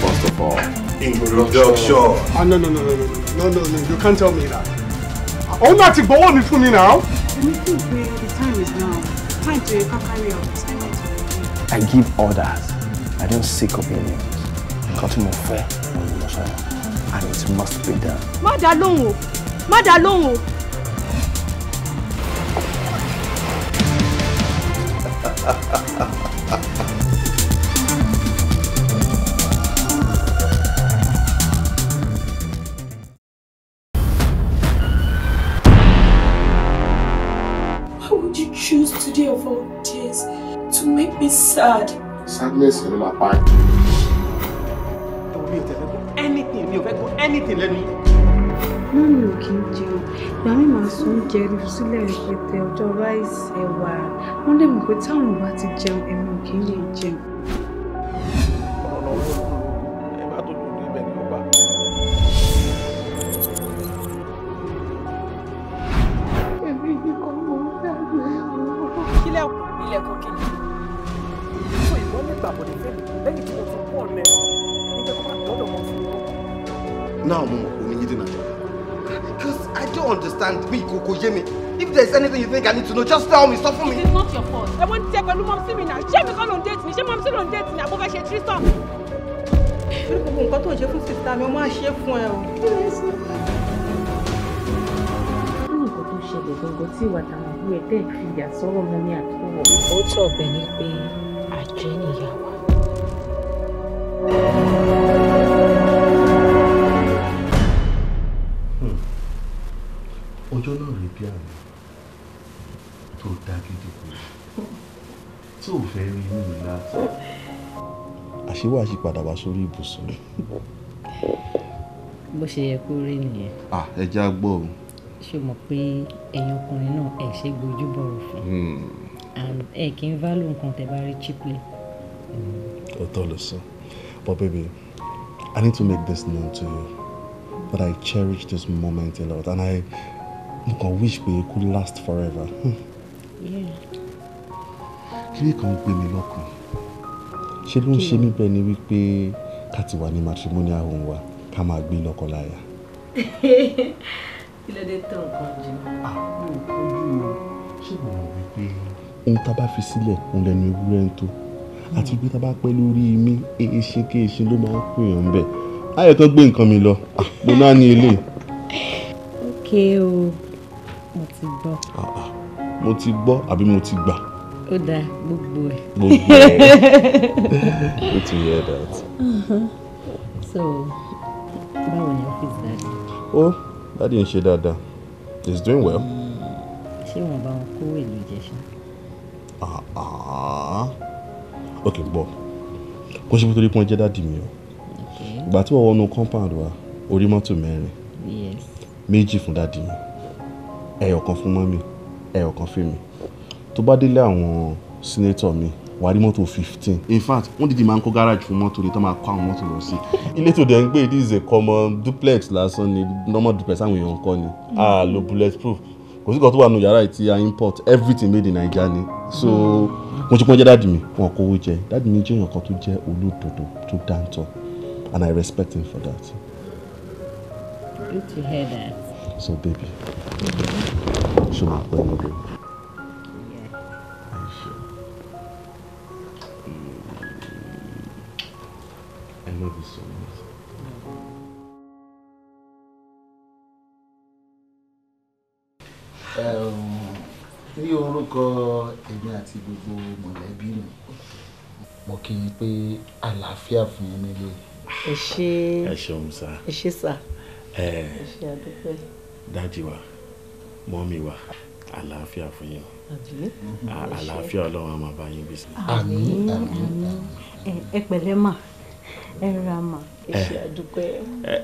first of all introduction. ah no no no no no no no you can't tell me that. òun náà ti gbowó mi fún mi náà. èmi kò gbé e, the time is now time to carry out I give orders. I don't seek opinions. Cut him off solution and it must be done. má dá lóhùn o má choose today of all days to make me sad. Sadness in my heart. anything lẹ́nu yìí. mọ́mí ò kí ń jẹun ìgbà mi máa sún oúnjẹ sílẹ̀ rẹpẹtẹ ọjọ́ ráìsì ẹ̀wà wọ́n lè mọ̀ pé táwọn bá ti jẹun èmi ò kí ń lè jẹun. yé if there is anything you think I need to know just tell me Stop for me. it is not your fault. I wọ́n ti tẹ pẹ̀lú mọ́mísí mi náà ṣé mi kọ́ ló ń déètì ni ṣé mọ́mísí ló ń déètì ni àbúfẹ́ ṣe tírísàn. torí gbogbo nǹkan tó ń ṣe fún sista mi ó máa fún ẹ o. kí ni nǹkan tó ṣẹlẹ̀ gbọ̀ngàn tí ìwà tàbí ẹ̀ tẹ́ fi ìyà sọ́rọ̀ mọ́ ní àtúwọ̀. ó tọ̀ bẹ̀ ni pé àjẹ́ nìyàwó. bí àná tó dá gidigbo tí ò fẹ́ rí inú mi láti. àṣewà sì wá sórí ibùsùn bó ṣe yẹ kó rí nìyẹn. à ẹ gbọ́ o. ṣé o mọ̀ pé ẹ̀yin ọkùnrin náà ẹ̀ ṣe gbójú bọ̀rọ̀ fún hmm. ẹ kì í válù nǹkan tẹ́ bá rí cheaply. ọ̀tọ̀ ló sọ but baby I need to make this known to you that I cherish this moment a lot and I mo kàn wish pé could last forever. Hmm. kílé kan ń gbé mi lọ́kàn ṣé ló ń ṣe mí bẹ́ẹ̀ ni wípé ká ti wà ní matrimonial home wa ká máa gbé lọ́kọ láya. (laughs) kí ló dé tó nǹkan jù. àwọn nǹkan jù ú ṣé mo mọ̀ wípé. ohun tá a bá fi sílẹ̀ òun lẹnu ewúrẹ́ ń tó àti pé tá a bá pẹ́ lórí mi èéṣe kéèṣe ló máa ń pè yàn bẹ́ẹ̀ ayọ̀ gbé nǹkan mi lọ àpò ah, náà ní ilé. (laughs) ok o. Oh mo ti gbọ́. Ah, ah. mo ti gbọ́ àbí mo ti gbà. ó dáa gbogbo ẹ̀. gbogbo ẹ̀ (laughs) ó ti hear that. Uh-huh. so báwo ni ọ́fíìsì dáadé. ó dáadé ń ṣe dáadáa he is doing well. Mm. ṣé wọn bá wọn kó èlò ìjẹsà. Ah, ok gbọ́ kó ṣe nítorí pé wọ́n jẹ́ dáàdì mi o ìgbà tí wọ́n wọnú compound wa orí mọ́tò mẹ́rin méjì fún dáàdì mi ẹyọ̀kan fún mọ́mì ẹyọ̀kan fún mi tó bá délé àwọn sínétọ̀ mi wàá rí mọ́tò fifteen in fact wọ́n dìde máa ń kó garage fún mọ́tò ní tó máa kó àwọn mọ́tò lọ sí ilé tó dẹ̀ ń gbé this is a common duplex lásán ni normal duplex àwọn èèyàn kọ́ ni a lo bullet proof kò sí kan tó wà nù yàrá ìtì à import everything made in naija ni so mo ti pọ́n jẹ́ dáàdì mi wọn kò owó jẹ dáàdì mi jẹ́ èèyàn kan tó jẹ́ olódodo tó dáńtọ́ and I respect him for that. Good to hear that. So, baby, show my plan of you. I love you so much. Um, ní orúkọ èmi àti gbogbo mọ̀lẹ́bí mi mo kí i pé àlàáfíà fún yín nílé. ẹ ṣé ẹ ṣeun sá ẹ ṣé sá ẹ ṣé àdúpẹ́. dájì wa mọ́mì wa àlàáfíà fún yín àlàáfíà ọlọ́run á bá yín bísí. àmín ẹ mà ẹ ra mà ẹ ṣe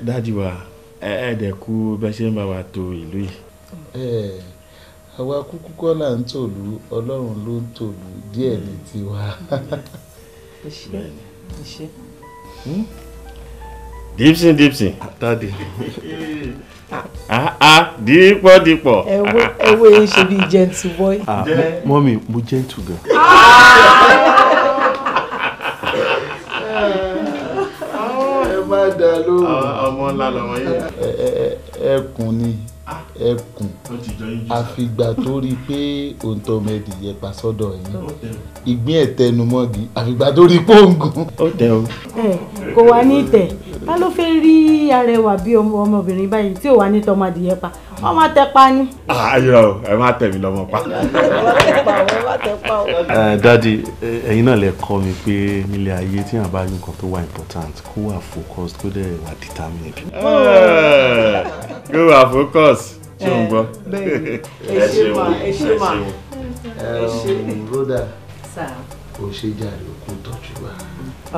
dájì wa ẹ dẹ̀ kú bẹ́ẹ̀ ṣe ń bá wa tò ìlú yìí. àwa kúkú kọ́ là ń tòlú ọlọ́run ló ń tòlú dípọ̀ ah, ah, dípọ̀. ẹ wo eyín ṣe bíi gentle boy. Ah, mọ́mí mo gentle gan. ẹ má dá lóhùn. ọmọ ńlá lọmọ yìí. Eh, eh, eh, ẹkùn ni ẹkùn àfìgbà tó rí i pé òǹtọ́mẹ́dì yẹ pa sọ́dọ̀ yín ìgbín ẹ̀tẹnumọ́gi àfìgbà tó rí i pé òǹgùn. ó tẹ o. kò wá ní tẹ̀ ta ló fẹ́ rí arẹwà bí ọmọbìnrin báyìí tí ò wá ní tọmọ adìyẹ pa wọ́n máa tẹ pa ni. Ah, ayọ̀ ẹ má tẹ̀ mí lọ́mọ pa. Eh, dadi ẹ̀yin náà lè kọ́ mi pé nílé ayé tí yàn bá ní nǹkan tó wà important kó wà focus kó dẹ̀ wà determined. Eh, kó wà focus ṣé o ń gbọ́. Eh, ẹ ṣe mà ẹ ṣe mà ẹ ṣe. Um, broda o ṣe jàre o kò tọ́jú wa.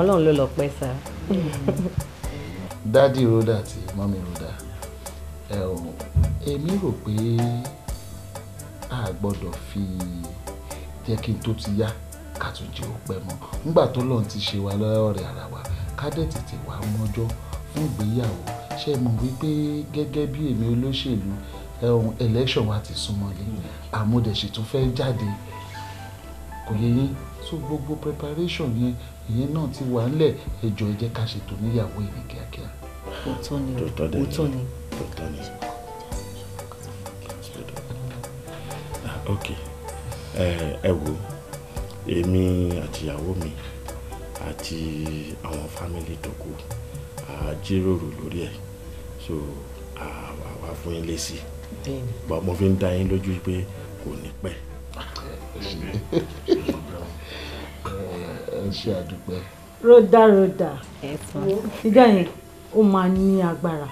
ọlọ́run ló lọ pẹ́ sá dádì rhoda àti mọ́mí rhoda èmi rò pé a gbọ́dọ̀ fi jẹ́ kí n tó ti yá ká tún jẹ́ òpẹ́ mọ́ nígbà tó lọ́n ti ṣe wa lọ́rẹ̀ ara wa ká dẹ̀ tètè wá mọ́jọ́ fún ìgbéyàwó ṣe mọ̀ wípé gẹ́gẹ́ bí èmi olóṣèlú election wa ti súnmọ́ lé àmúdẹ̀ṣe tó fẹ́ jáde kò yẹ yín so gbogbo preparation yẹn ìyẹn náà ti wà ńlẹ̀ ẹjọ́ ẹ jẹ́ ká ṣètò níyàwó ìní kíákíá. òótọ́ ni òótọ́ ni. òótọ́ ni. Ah, ok ẹ wo èmi àtìyàwó mi àti àwọn fámìlì tó kù a jíròrò lórí ẹ̀ so àwa fún yín lésì bọ́ mo fi ń dá yín lójú pé kò ní pẹ́. Ah, ẹ ṣe àdúpẹ́. ròdà ròdà ìjọ yẹn ó máa ní agbára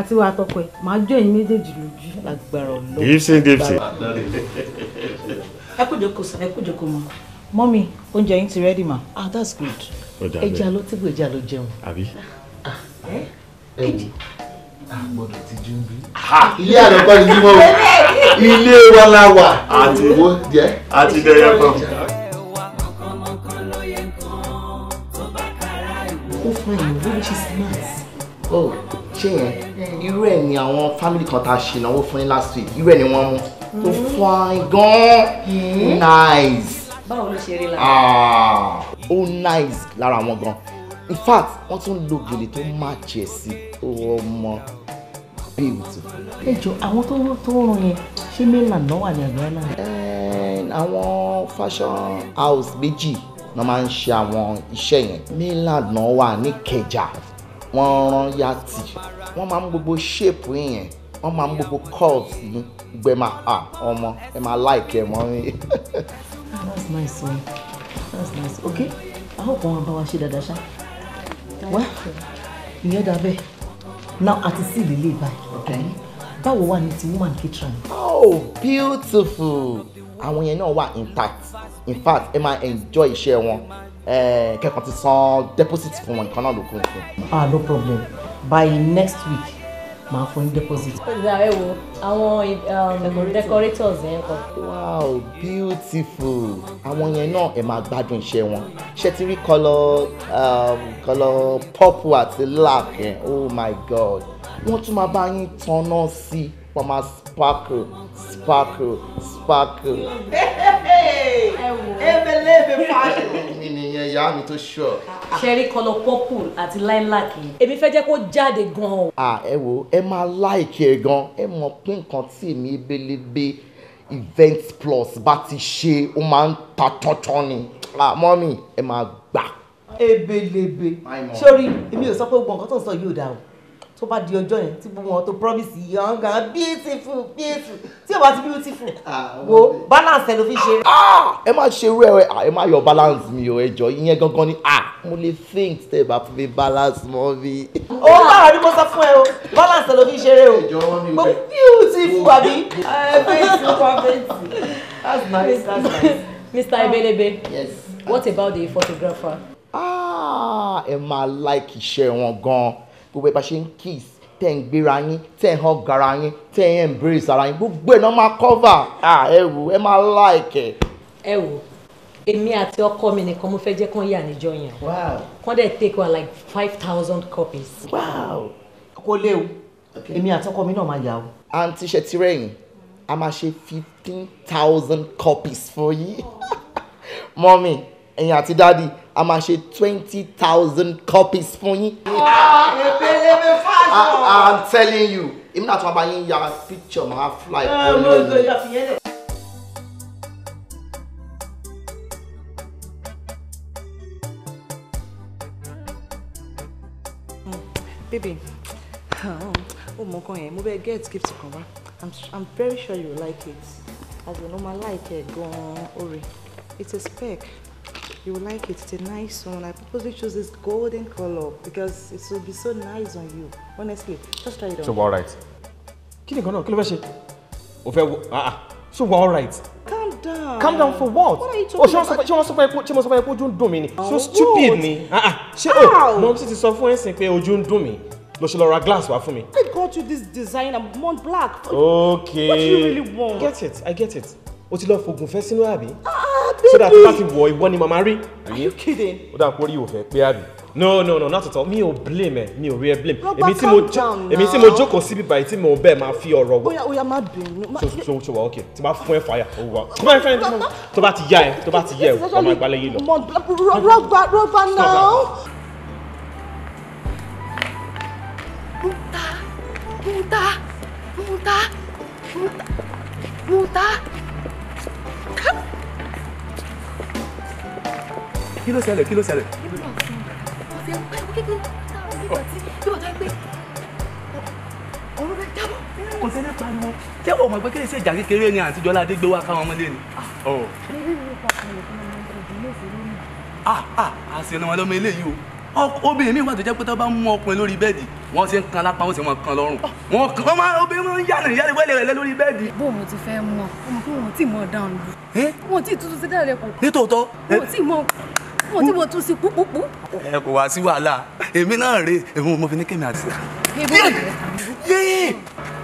àti wàá tọpẹ màá jó ẹ̀yin méjèèjì lójú. agbára ọlọ́run. gibson gibson. ẹ kú jókòó sọ ẹ kú jókòó mọ mọ́mí oúnjẹ yín ti rẹ́dì mà ah that's good ẹja ló tí gbèjà ló jẹun. àbí. ẹ ẹ wò àgbọ̀dọ̀ ti jí ń bí. ilé àlọ́kọ́ ni bímọ ilé wa la wà àti ìwọ jẹ́. àti ìdẹ́yẹ kan. girlfriend mi ló ṣe smart. ó oh, ṣé yẹn mm. irú ẹ̀ ni àwọn family kan tá a ṣe ìnáwó fún yín last week irú ẹ̀ ni wọ́n mú tó mm. fine gan mm. nice. báwo ló ṣe rí lára. Ah, ó nice lára wọn gan in fact wọ́n tún lo gèlè tó má jẹ̀ sí ọmọ beautiful. ẹ jọ àwọn tó tó rún yẹn ṣé mainland náà wà ní àgbáyé náà. Eh, àwọn fashion house méjì wọ́n máa ń ṣe àwọn iṣẹ́ yẹn mainland náà wà ní Ìkẹjà wọ́n rán yàtì wọ́n máa ń gbogbo ṣèpù yẹn wọ́n máa ń gbogbo cult ní gbẹ máa hà ọmọ ẹ máa láìkẹ́ ẹ mọ́ mi. that's nice one oh. that's nice okay a ó kọ́ wọn bá wa ṣe dáadáa ṣá wá ìyẹn dà bẹ́ẹ̀ now àti sí ìlélẹ́ báyìí táwo wà ní ti woman catering. oh beautiful àwọn yẹn náà wà intact in fact ẹ máa enjoy iṣẹ́ wọn eh, kẹ́kọ̀ọ́ ti san deposit fún wọn nǹkan náà ló kún fún. ah no problem by next week máa fún ní deposit. ẹ wo àwọn um, decorators yẹn kọ. wow beautiful àwọn yẹn náà ẹ máa gbádùn iṣẹ́ wọn ṣé ti rí kọlọ kọlọ um, purple àti black yẹn oh my god wọ́n tún máa bá yín tanná sí i wọ́n máa sparkle sparkle sparkle. ebelebe fashion. mi nìyẹn ìyá mi tó ṣọ. ṣẹ́rí kọlọ pọ́pùl àti láìláàkì èmi fẹ́ jẹ́ kó jáde gan-an. à ẹ wo ẹ máa láìkí ẹ gan ẹ mọ̀ pé nǹkan tí èmi ebelebe event plus bá ti ṣe ó máa ń ta tọ́tọ́ ni mọ́mì ẹ máa gbà. ebelebe sórí èmi ò sọ pé gbọ̀ngàn tó ń sọ yóò dà o tó bá di ọjọ́ yẹn tí gbogbo wọn tó promise yàn gan beautiful beautiful tí o bá ti beautiful ah, wo balance ẹ ló fi ṣe. Ah! ẹ má ṣe irú ẹ ah, ẹ má yọ balance mi o ẹ jọ ìyẹn gangan ni mo lè faint tẹ bá fún mi balance mọ mi. ó bára rí mo sọ fún ẹ o balance ẹ ló fi ṣeré o mo beautiful àbí. ẹ fẹ́ǹtì ó pa fẹ́ǹtì that's nice that's nice. Mr. Ebelebe yes. what about the photographer. ẹ máa like iṣẹ́ wọn gan-an gbogbo ìbá ṣe ń kiss tẹ̀ ń gbéra yín tẹ̀ ń hug ara yín tẹ̀ ń embrace ara yín gbogbo ẹ̀ náà máa cover ẹ wò ẹ máa like ẹ. ẹ wò èmi àti ọkọ mi nìkan mo fẹ́ jẹ́ kán yà níjọ yẹn kán dẹ̀ take one like five thousand copies. kò léwu èmi àti ọkọ mi náà máa yà o. àǹtí ṣe tirẹ̀yìn a máa ṣe fifteen thousand copies fún yín (laughs) mọ́mì ẹ̀yin àti dáàdi a máa ṣe twenty thousand copies fún yín. ìpelebe fáàlì. I'm telling you Even náà tún bá ya picture máa fly. ẹ ah, ẹ mo ń lo ìyàfìyẹ́lẹ̀. baby o mọ kan yẹn mo bẹ get gift kan wa i'm i'm very sure you like it as in know, my like ẹ gan-an ore it's a spec you will like it. It's a nice one. I purposely chose this golden color because it will be so nice on you. Honestly, just try it on. So, all right. Kí ni gan-an, kí ló ah so we're all right. Calm down. Calm down for what? What are you oh, talking oh, about? Ṣé wọ́n sọ pé ṣé oh, ah, ah. Oh, mo sọ pé ojú ń dùn mí ni? So stupid me. Ah ah, ṣé o mo sì ti sọ fún ẹ̀sìn pé ojú ń dùn mí? Lọ ṣe glass wá for me. I got you this design, I'm Mont Black. Okay. What do you really want? Get it, I get it. O you love for fẹ́ sínú àbí? Ah! baby. so that tó bá ti wọ ìwọ ni are you kidding. ó dà kó rí òfẹ́ pé àbí. no no no not at all mi ò blame ẹ mi ò rí ẹ blame. èmi tí mo èmi tí mo jókòó síbi báyìí tí mo bẹ́ẹ̀ máa fi ọ̀rọ̀ wọ. oya oya má bínú. so so so wa ok tí bá fún ẹ fàyà ó wà tó bá fẹ́ tó bá ti yá ẹ tó bá ti yá ẹ ọmọ ìgbàlẹ̀ yìí lọ. rọba rọba náà. Muta, muta, muta, muta, muta kí ló ṣẹlẹ̀ kí ló ṣẹlẹ̀. kò sẹ́ni pariwo ṣé o mọ̀ pé kí ni ṣe ìjà kékeré ni àǹtí jọlá adégbé wá káwọn ọmọdé ni. ah ah àṣìlẹ̀ wọn lọ́mọ eléyìí o obìnrin mi wà tó jẹ́ pé tó bá mú ọkùnrin lórí bẹ́ẹ̀dì wọ́n ṣe ń kan lápá wọ́n sì máa kan lọ́rùn wọ́n kan wọ́n máa obìnrin máa ń yànnà ìyá ìwẹ́lẹ̀ rẹ̀ lórí bẹ́ẹ̀dì. bó mo ti fẹ́ mọ ọmọ pé wọn ò tí ì mọ dáhùn lu wọn ò tí ì tuntun ti dáhùn rẹ nítòótọ́ wọn ò tí ì mọ mo ti mo tún sí púpúpú. ẹ kò wá sí wàhálà èmi náà rè èmi mo fi ní kémi àti. yéé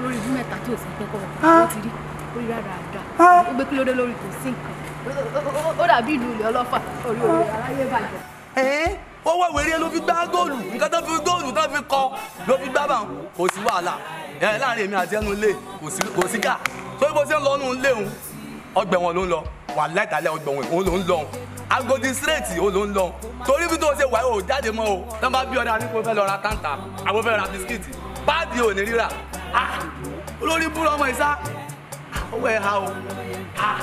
lórí ìlú mẹ́ta tí o sì fẹ́ kọ́ ọ ti rí orí rárá àdá o gbé kí ló dé lórí kò sí nǹkan ó dàbí ìlú ilé ọlọ́fà orí orí aráyé bàjẹ́. ó wá wèrè ló fi gbá góòlù nǹkan tó fi góòlù tó fi kọ ló fi gbá báwọn kò sí wàhálà ẹ láàrin èmi àti ẹnu ilé kò sí ká tó bó ṣe ń lọ nù ń léwu ọgbẹ̀wọ̀n ló ń lọ wà láìtàlẹ̀ ọgbẹ̀wọ̀n òun ló ń lọ Agodi straight ò ló ń lọ torí bí tó ṣe wà ó jáde mọ́ o tó bá bí ọ̀dà nípo fẹ́ lọ ra táǹtà àwọn fẹ́ ra bisikíìtì báàdì ò ní rírà ah! olórí búrọ ọmọ ìsá ah! owó ẹ̀ ha o ah!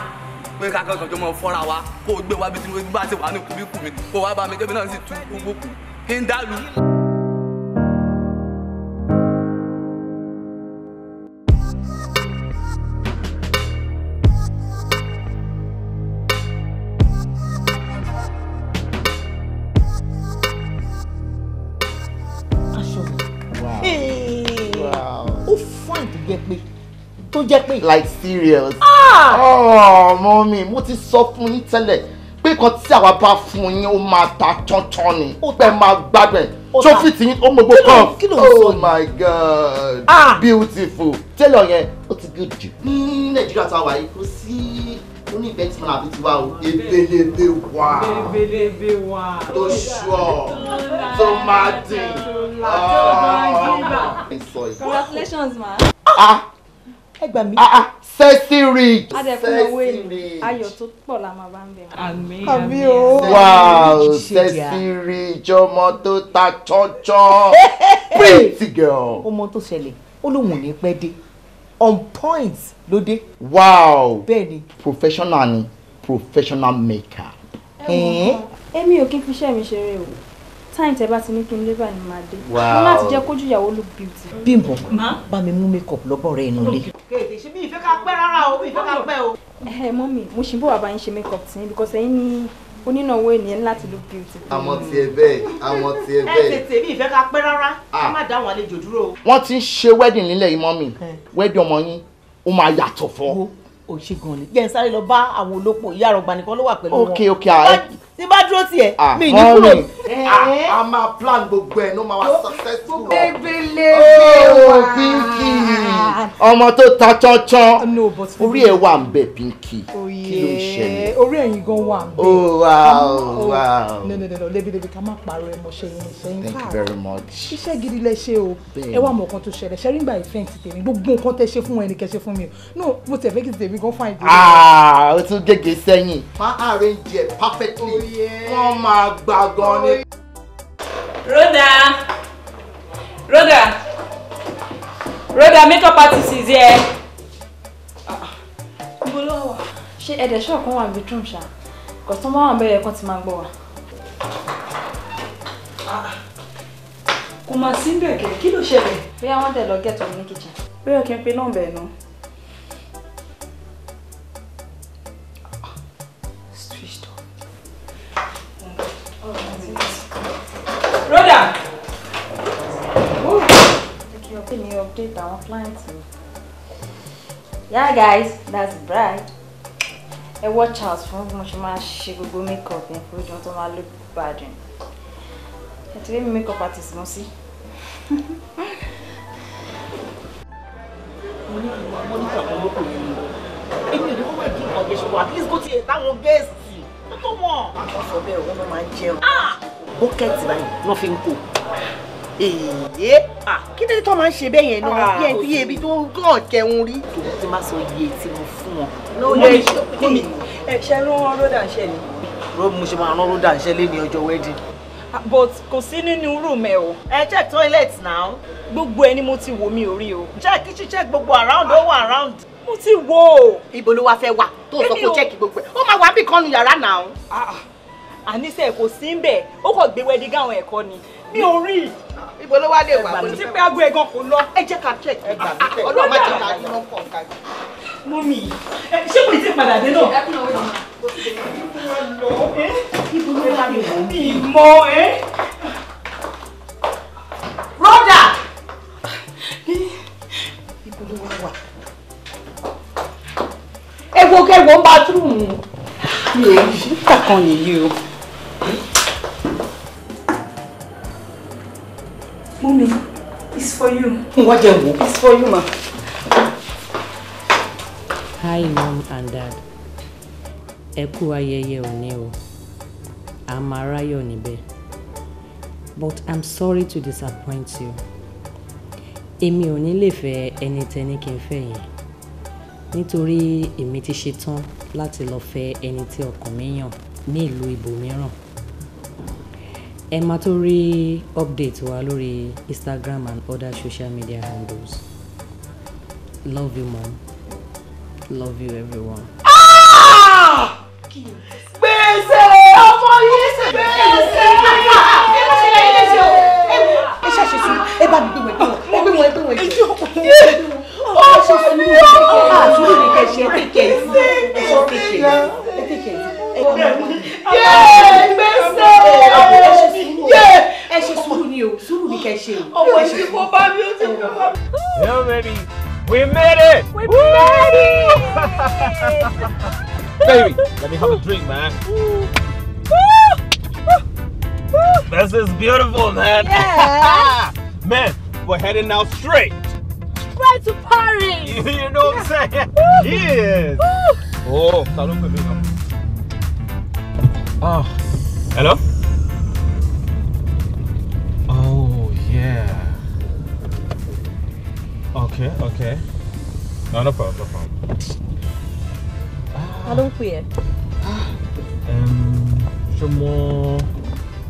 pé kákan sọ̀jọ́ mọ́ fọ́ra wa kó o gbé wa bí tí mo bá ṣe wà ní kùbíkù mi kó o wá bá mi kébí náà sì tú gbogbo kù kí n dá lu. jẹ́ pé like serious. Ah! oh mọ́mí mo ti sọ fún yín tẹ́lẹ̀ pé kan tí àwa bá fún yín ó máa ta tọ́ntọ́n ni ó pẹ́ máa gbàgbẹ́ trophy tí ó mọ̀ gbogbo kan oh my god ah. beautiful tẹ́lọ̀ yẹn ó ti good jù. ní nàìjíríà tá a wà yìí kò sí oní ìbẹ́tìmọ̀ àbí tiwa o ebelebe wa ebelebe wa tó ṣọ tó máa dín. Ah. congratulations ma. ah ẹ gbà mí. Ah, ah, sẹ́sìrì sẹ́sìrì ayọ̀ tó pọ̀ la máa bá ń bẹ̀rẹ̀. àmín àmín wow sẹ́sìrì jọmọ tó ta chọ́chọ́ (laughs) pretty girl. ọmọ tó ṣẹlẹ̀ ó lóun ò ní pẹ́ dé on point ló dé. wow bẹ́ẹ̀ni. professional ni professional maker. ẹ wò ó èmi ò kí fi iṣẹ́ mi ṣeré o time tẹ bá ti ní kí n lébà ni màá dé mo láti jẹ kójú ìyàwó look beauty. bímbọ bá mi mú makeup lọ́bọ̀ rẹ inú ilé. kéde ṣe mi ìfẹ́ ká pẹ́ rárá o mi ìfẹ́ ká pẹ́ o. ẹ mọ́mì mo ṣì ń bọ̀ wá bá yín ṣe makeup tí because ẹ̀yin ni onínáwó ènìyàn láti look beauty. àwọn tiẹ̀ bẹ́ẹ̀ àwọn tiẹ̀ bẹ́ẹ̀. ẹ tètè mi ìfẹ́ ká pẹ́ rárá ká ah. má dá àwọn àlejò dúró. wọ́n ti ń ṣe wedding nílẹ̀ yìí mọ́mì wedding ọmọ yín ó máa yàtọ̀ fọ́ ò ṣe gan ni jẹ́ n sáré lọ bá àwọn olóko ìyá àrọ̀gbà nìkan ló wà pẹ̀lú wọn ok ok tí bá dúró tiẹ̀ ah, mi ní kúrò. Eh? Ah, a máa plan gbogbo ẹ̀ ló máa wá oh, successful. bébélé wà ó Pinky ọmọ tó ta chọ́nchọ́n orí ẹ̀ wà ń bẹ̀ Pinky kí ló ń ṣẹlẹ̀. orí ẹ̀yìn gan wà ń bẹ̀. oh wow wow. no no no lébi-lébi ká má parọ́ ẹ mọ̀ ṣẹ́yìn ṣẹ́yìn káà. thank you ah, very much. iṣẹ́ gidi lẹ ṣe o ẹ wá mọ̀ nǹkan tó ṣẹlẹ̀ ṣẹ́rí ń gbà ìfẹ́ǹtì tèmi gbogbo nǹkan tẹ ṣe fún ẹnì kẹ́ ṣe fún mi o no mo tẹ̀ fẹ́ kí tèmi gan fine jù. aa o tún gègé sẹ́yìn. máa arrange ẹ perfectly. Oh, wọ́n máa gbà gan ni. Rhoda Rhoda Rhoda makeup artist is here. níbo ló wà ṣé ẹ̀dẹ̀ ṣọ́ọ̀kan wà níbi tún ṣá kọ̀tọ́mọ́ wà bẹ́ẹ̀ kan ti máa gbọ́ wa. kò mà sí bẹ̀kẹ̀ kí ló ṣẹlẹ̀. bí àwọn tẹ̀ lọ gẹ̀tọ̀ ní kitchen. bí o kì í pe nọ́ọ̀bẹ̀ náà. Rhoda! Kí ni update àwọn clients Yeah guys, that's bright. bride. watch out fún bí mo ṣe máa ṣe gbogbo makeup yẹn fún ìdùnnú tó máa look bad yẹn. Ẹ ti rí mi makeup artist mo sí. Mo ní ìwà mọ́nítà kan lókùnrin mi. Èmi ò ní kó wẹ̀ kí nǹkan yẹn ṣòro at least kó tiẹ̀ táwọn guest ó ah! tó máa ń jẹun. bókẹ́tì báyìí wọ́n fi ń kó tó ń ṣe jẹun rí. tòun ti máa sọ iye tí mo fún wọn. lóye ìṣòkè ẹ ṣe rán rọ́dà ń ṣe ni. mo ṣe máa rán rọ́dà ń ṣe lé ní ọjọ́ wedding. Ah, but kò sí nínú room ẹ o. ẹ check toilet now. gbogbo ẹni mo ti wò mí orí o. check kitchen check gbogbo around ó wà around. mo ti wò ó. ibo ló wá fẹ́ wà tó sọ kó check gbogbo ẹ̀ ó máa wà bí kan nu yàrá now. àníṣe ah, ah, kò sí ń bẹ̀ ó kàn gbé wedding gown ẹ̀kọ́ ni mi ò rí. ibo ló wá lè wà. mo ti pé aago ẹ̀gan kò lọ. ẹ jẹ́ ká check. ẹ gbà mí kẹ́ ọlọ́mọ jẹ́ ká yín lọ́kọ̀ọ̀kan mọ́mì eh, ṣé kò tí ì padà dé náà. ibo ló wà ní mọ́mì mọ́ ẹ́. rọ́dà. ibo ló wà wà. egbò kẹgbò ń bá túrùmù. mi ò ní kàkan nìyí o. mọ́mì it's for you. wọ́n jẹ́ wo. it's for you ma. Hi mom and dad. Ẹ kú ayẹyẹ òní o. A máa ráyọ̀ níbẹ̀. But I'm sorry to disappoint you. Èmi ò ní lè fẹ́ ẹni tẹ́ni kí n fẹ́ yẹn. Nítorí èmi ti ṣetán láti lọ fẹ́ ẹni tí ọkàn mi yàn ní ìlú ibòmíràn. Ẹ máa tó rí update wa lórí Instagram and other social media handles. Love you mom love you everyone. gbèsè ọmọ yìí gbèsè ẹ ṣàṣẹ sí ẹ bá mi gbé wọn gbé wọn gbé wọn gbé wọn jẹ ó ṣe fún mi àtúrò ní kẹsì ẹ tẹkẹ ẹ sọ tẹkẹ ẹ tẹkẹ yé gbèsè yé ẹ ṣe sùúrù ni o sùúrù ni kẹsì o. ọmọ ìdìbò bá mi ó ti bọ̀ bá mi. We made it! We Woo! made it! (laughs) Baby, let me have a drink, man. this is beautiful, man. Yeah. (laughs) man, we're heading now straight. Straight to Paris. (laughs) you know what I'm saying? yes. oh, Oh, hello? Oh, yeah. Okay, okay. No, no problem, no problem. How long ló ń pè ẹ́?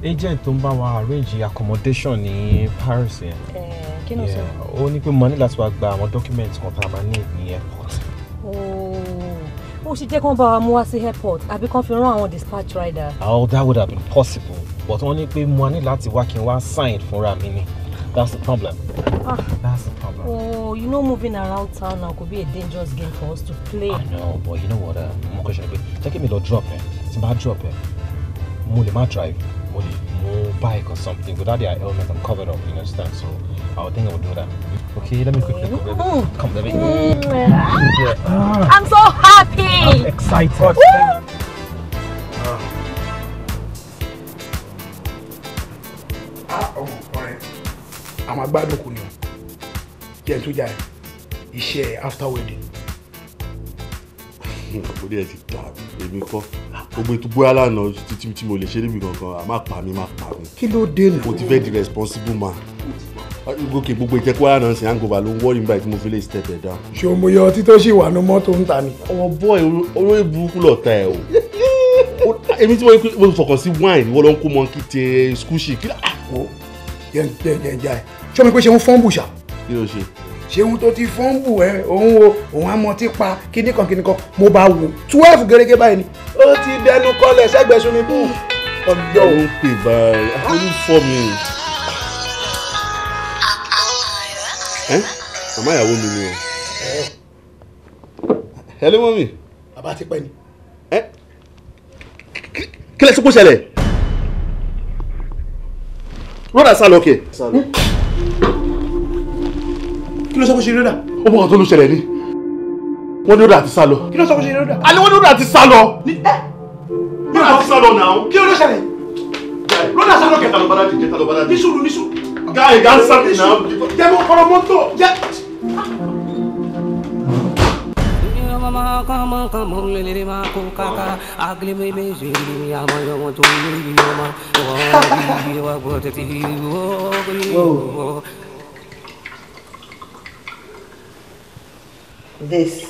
Ṣé agent tó ń bá wa arrange accommodation in Paris yẹn? Kí ló sọ? Ó ní pé mo ní láti documents kan tá a máa ní ní airport. Oh. ṣe jẹ́ kán on wa mú wá airport àbí be fi on àwọn dispatch rider. Oh, that would have been possible but only ní pé mo ní láti wá kí n wá sign That's the problem. Ah. That's the problem. Oh, you know moving around town now could be a dangerous game for us to play. I know, but you know what? Uh, mo question pe. Jẹ́ kí drop here. It's a bad drop here. mo my drive. Mo lè bike or something. Without their helmet, I'm covered up, you understand? So I would think I would do that. Okay, let me quickly go, baby. Come, baby. Mm. Yeah. Ah, I'm so happy. I'm excited. Woo! àwọn agbádùn kù ni o jẹ́ tó jà ẹ́ after wedding. orí ẹ ti ta èmi kọ́ gbogbo ètò bóyá lánàá títí tí mo lè ṣe níbi kankan àmọ́ àpá mi máa pa mi. kí ló dé nù. mo ti fẹ́ di responsible man gòkè gbogbo ìjẹ́ kó àná sí hangover ló ń wọ́ọ̀rì nígbà tí mo fi lè step ẹ̀ down. ṣòmùyọ ọtí tó ṣì wà ní mọ́tò ń ta ni. ọmọ bọ́ọ̀ olóyè burúkú lọ́ọ̀ta ẹ̀ o èmi tí mo fọkàn sí wine wọ́n ló ń kó mọ́ńkì tẹ skúṣì kí ló. yẹn jẹ jẹ jẹ ṣé omi pé ṣe ń fọ́nbù ṣá. kí ló ṣe. ṣeun tó ti fọ́nbù ẹ òun o òun àmọ́ ti pa kíní kan kíní kan mo bá wò twelve gẹ́gẹ́ báyìí ni ó ti dẹnu kọlẹ̀ sẹ́gbẹ̀sùn mi bù ọ̀dọ́. ó ń pè báyìí ó ń fọ́ mi. màmá ìyàwó mi ni o. hello mọ́mì. bàbá ti pẹ́ ni. kí lẹ sọ pé ṣẹlẹ̀. rọ́dà sálọ òkè. sálọ. Hmm? kí ló sọ pé ṣe lódà ó mọ̀ kan tó ló ṣẹlẹ̀ ni wọ́n ní ó dà ti sá lọ. kí ló sọ pé ṣe lódà. àní wọ́n ní ó dà ti sá lọ. ní ẹ́ ló dà ti sá lọ náà. kí ló ṣẹlẹ̀ ló dà sá lọ kẹta ló bá dájú kẹta ló bá dájú. nísùlù nísùlù. gáà ìgá ń sáfì náà. jẹ́ mo kọ́rọ̀ mọ́tò jẹ́. ma (laughs) this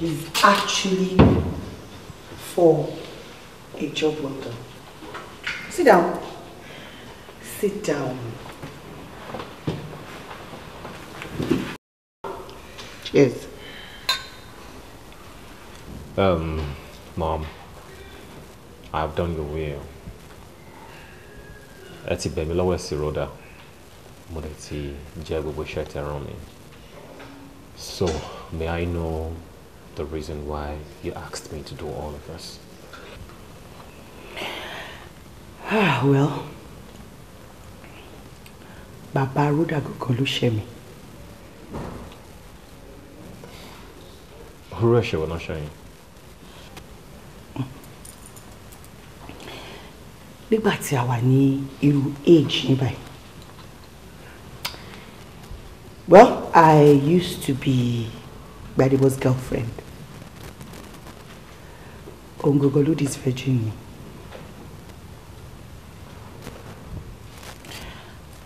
is actually for a job well Sit down. Sit down. Cheers. Um, Mom, I have done your will. Ẹ ti bẹ̀ mí lọ́wọ́ sí Mo dẹ̀ ti jẹ́ gbogbo iṣẹ́ tẹ́ So, may I know the reason why you asked me to do all of this? Ah well, Baba Rudagogo ló ṣe mí. Orú ẹ̀ṣẹ̀ wo náà ṣe yín? Nígbà tí a wà ní irú age ní báyìí. Well, I used to be Gbadebo's girlfriend. Ongogolu dis virgin mi.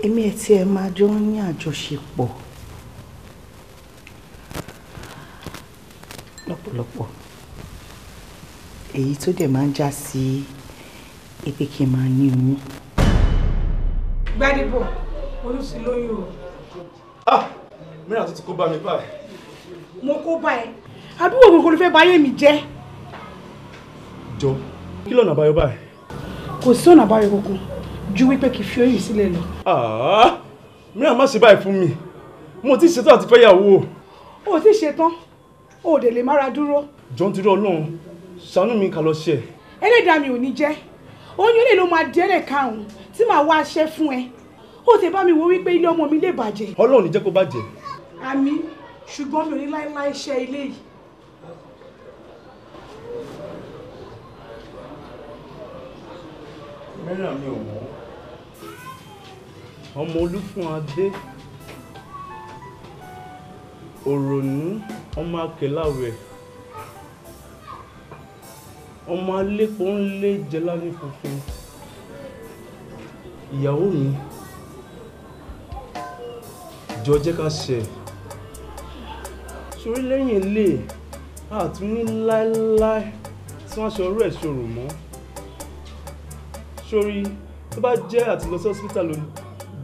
Èmi ẹ̀ tí ẹ máa jọ ń ní àjọṣepọ̀ lọ́pọ̀lọpọ̀. Èyí tó dẹ̀ máa ń já sí ipe kí n máa ní oyún. Gbadebo, o mìíràn tó ti kó bá mi báyìí. mo kó bá ẹ àdúgbò gbogbo ló fẹ́ bà ayé mi jẹ́. jọ kí lọ́nà àbáyọ báyìí. kò sí ọ̀nà àbáyọ kankan ju wípé kì í fi oyún sílẹ̀ lọ. mìíràn má ṣe báyìí fún mi mo ti ṣetán àti fẹ́yàwó. o ti ṣetán o dẹ̀ lè mára dúró. jọ ń tiri Ọlọ́run ṣàánú mi kà lọ ṣe. ẹlẹ́dàá mi ò ní jẹ́ oyún lè ló máa dẹ́rẹ̀ karùn tí màá wá aṣẹ́ fún ẹ ó ti bá mi wo wípé ilé ọmọ mi lè bàjẹ́. Ọlọ́run ní jẹ́ kó bàjẹ́ àmì ṣùgbọ́n mi ò ní láíláí ṣe ilé yìí. mẹ́rin mi ò mọ̀ ọmọ olúfún adé òrònú ọmọ akẹ́láwẹ̀ ọmọ alépo ń lé jẹlá ní funfun ìyàwó mi jọ jẹ́ ká ṣe sórí lẹ́yìn ilé àtún ní láéláé tí wọ́n aṣọ rẹ̀ ṣòro mọ́ sórí tó bá jẹ́ àti lọ sí hospital ló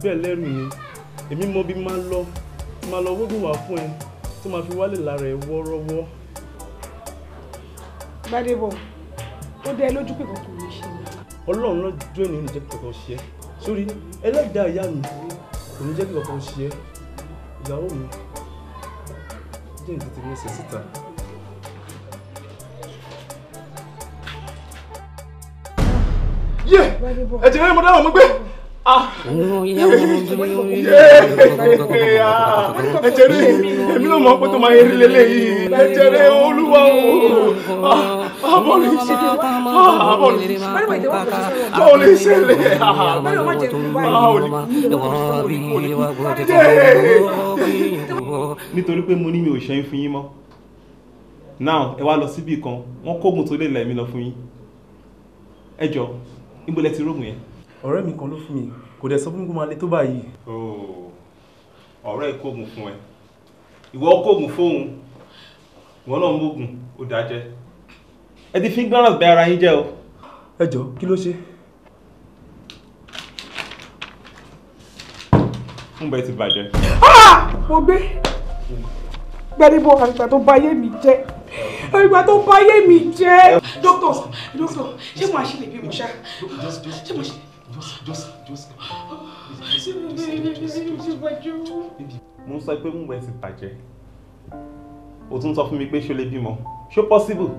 bẹ̀ lẹ́rù ni èmi mọ bí máa lọ máa lọ wógùn wá fún ẹ tó máa fi wálé lára ẹ wọ́ọ́rọ́wọ́. Gbádébọ̀ ó dẹ lójú pé kankan ló ṣe mí. Ọlọ́run lọ́jọ́ ènìyàn ní jẹ́ kí kankan ṣe é sórí ẹlẹ́dàá ìyá mi kò ní jẹ́ kí kankan ṣe é ìyàwó mi dín nǹkan tí mo ṣe síta. yé ẹ̀jẹ̀ rẹ̀ mo dáhùn mo gbé. ẹ̀jẹ̀ rẹ̀ èmi náà mọ̀ pé tó máa yẹ rí lélẹ́yìí ẹ̀jẹ̀ rẹ̀ olúwa o àbọ̀ lè ṣẹlẹ̀ àbọ̀ lè ṣẹlẹ̀ àbọ̀ lè ṣẹlẹ̀ àbọ̀ lè ṣẹlẹ̀ nítorí pé mo ní mi ò ṣẹ́yìn fún yín mọ́ now ẹ wá lọ síbì kan wọ́n kóògùn tó lè là mí lọ fún yín ẹ jọ níbo lẹ ti róògùn yẹn. ọ̀rẹ́ mi kan ló fún mi kò dẹ̀ sọ fún mi kó máa le tó báyìí. ọ̀rẹ́ kóògùn fún ẹ ìwọ kóògùn fóun ìwọ náà mógùn ó dájẹ́ ẹ ti fi ignorance bẹ ara yín jẹ́ o. ẹ jọ kí ló ṣe. ń bẹ ti bàjẹ́. Ah! mo gbé gbẹ́rìbọ̀ àgbà tó bá yé mi jẹ́ àgbà tó bá yé mi jẹ́. dókítà dókítà ṣé mo àṣìlè bí mo ṣá ṣé mo àṣìlè. mo ń sọ pé mo bẹ ti bàjẹ́ o tún sọ fún mi pé ṣe o lè bímọ ṣé possible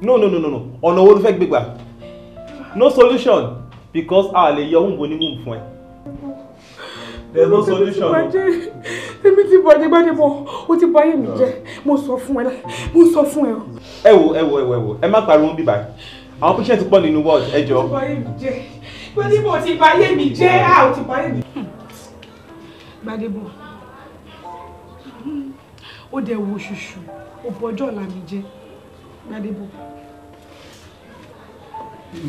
no no no no ọ̀nà wo ló fẹ́ gbégbà no solution because a lè yọ wúńbo ní wúńbo fún ẹ there's no solution. èmi ti bàjẹ́ bàjẹ́ bọ̀ ó ti báyé mi jẹ́ mo sọ fún ẹ mo sọ fún ẹ. ẹ wo ẹ wo ẹ wo ẹ wo ẹ má pariwo ń bíbá àwọn patient pọ̀ nínú ward ẹ jọ. ó ti báyé mi jẹ́ ti báyé mi jẹ́ a ó ti báyé mi. gbadebo ó dẹ̀ wo ṣùṣù ó bọjọ́ ọ̀la mi jẹ́. Gbadebo.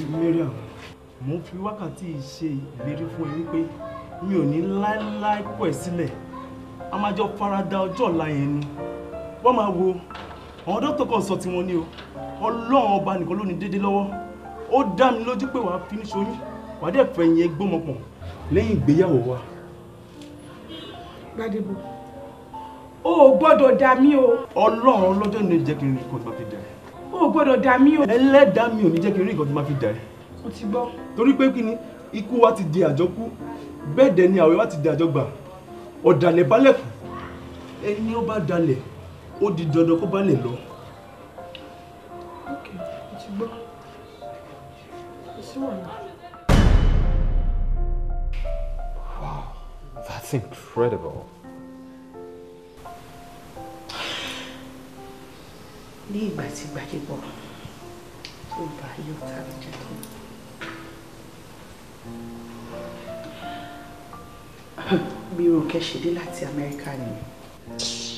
Mariam, mo ń fi wákàtí ṣe ìlérí fún ẹ wípé mi ò ní láéláé pọ̀ ẹ́ sílẹ̀. A máa jọ farada ọjọ́ ọ̀la yẹn ni. Wọ́n máa wo àwọn dókítà kan sọ tiwọn ni o. Ọlọ́run ọba nìkan ló ní déédéé lọ́wọ́. Ó dá mi lójú pé wàá fi ní ṣoyún. Wàá dẹ̀ fẹ̀yìn ẹ gbọ́mọpọ̀ lẹ́yìn ìgbéyàwó wa. Gbadebo o gbọ́dọ̀ dà mí o. ọlọ́run ọlọ́jọ́ ni jẹ́ kí n kọ́ ìgbà o gbọ́dọ̀ dà mí o. ẹlẹ́dàá mi ò ní jẹ́ kí n rí nǹkan tó máa fi dà ẹ́. mo ti gbọ́. torí pé kí ni ikú wa ti di àjọkú bẹ́ẹ̀ dẹ̀ ni àwẹ̀ wa ti di àjọgbà ọ̀dàlẹ̀ balẹ̀ kù ẹni ó bá dalẹ̀ ó di dandan kó balẹ̀ lọ. ok mo ti gbọ́ kò sí wàhálà. wow that's incredible. ní ìgbà tí gbàgbọ́ tó bá yóò tàbí jẹ́ tó. bí Ronke ṣe dé láti Amẹ́ríkà ni.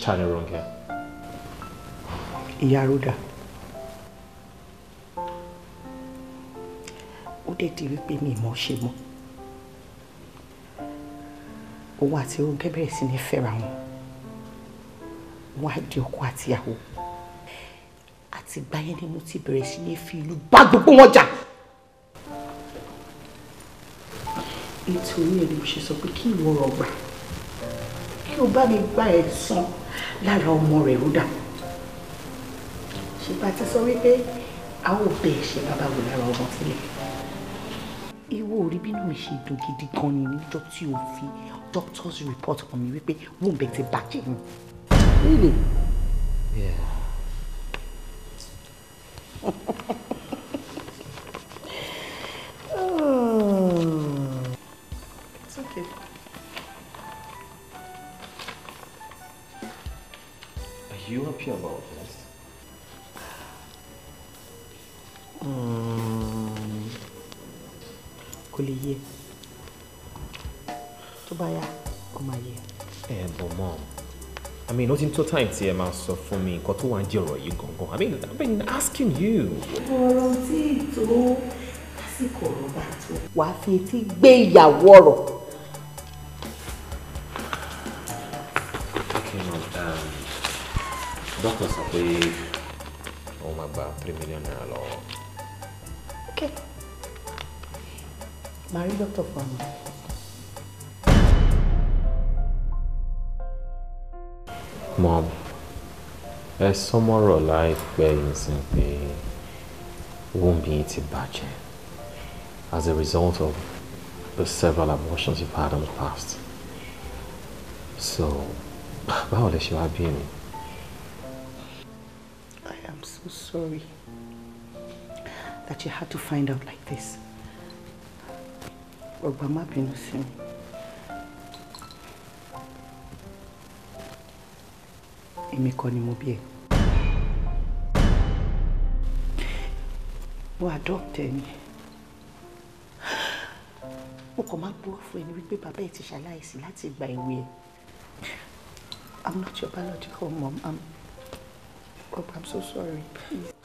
ta ni Ronke. ìyá Roda. ó dẹ̀ di wípé mi ìmọ̀ ṣe mọ́ òun àti Ronke bẹ̀rẹ̀ sí ní fẹ́ra wọn wọ́n á di ọkọ àtìyàwó àti ìgbà yẹn ni mo ti bẹ̀rẹ̀ sí ní fi ìlú bá gbogbo wọn jà. nítorí ẹ̀ ni mo ṣe sọ pé kí ìwọ rọgbà kí o bá mi gba ẹ̀ san lára ọmọ rẹ̀ rúdà ṣùgbọ́n àti sọ wípé a ó bẹ ẹ̀ṣẹ̀ bàbá wò lára ọmọ sílẹ̀. ìwọ orí bínú mi ṣe dùn gidi gan ni níjọ́ tí o fi doctor's report hàn mí wípé wọ́n bẹ̀ ti bàjẹ́ mi. really? yeah. Isso aqui. Are you happy about this? Kuliye. Tubaya. Kumaye. Eh, hey, mom. I mean, nothing tó time tí ẹ máa sọ fún mi nǹkan one zero, you jẹ́ ọ̀rọ̀ I mean, I've been asking you. Ọ̀rọ̀ tí ètò lásìkò ọ̀rọ̀ bá tó. Wàá fi Okay, ma'am. Um, doctor sọ pé òun máa gba three million naira Okay. Màá doctor fún mi. Mom, ẹ sọmọ́rọ̀ láìpẹ́ ìsìn pé Wunmi ti bàjẹ́ as a result of the several abortions you've had in the past. So, báwo lè ṣe wá bí mi? I am so sorry that you had to find out like this. Ọgbà má bínú sí mi. èmi kọ́ ni mo bí ẹ. mo adopt ẹ ni mo kàn máa gbowó fún ẹ ní wípé bàbá ẹ ti ṣaláìsí láti ìgbà èwe ẹ I'm not your biological mom I'm, oh, I'm so sorry please.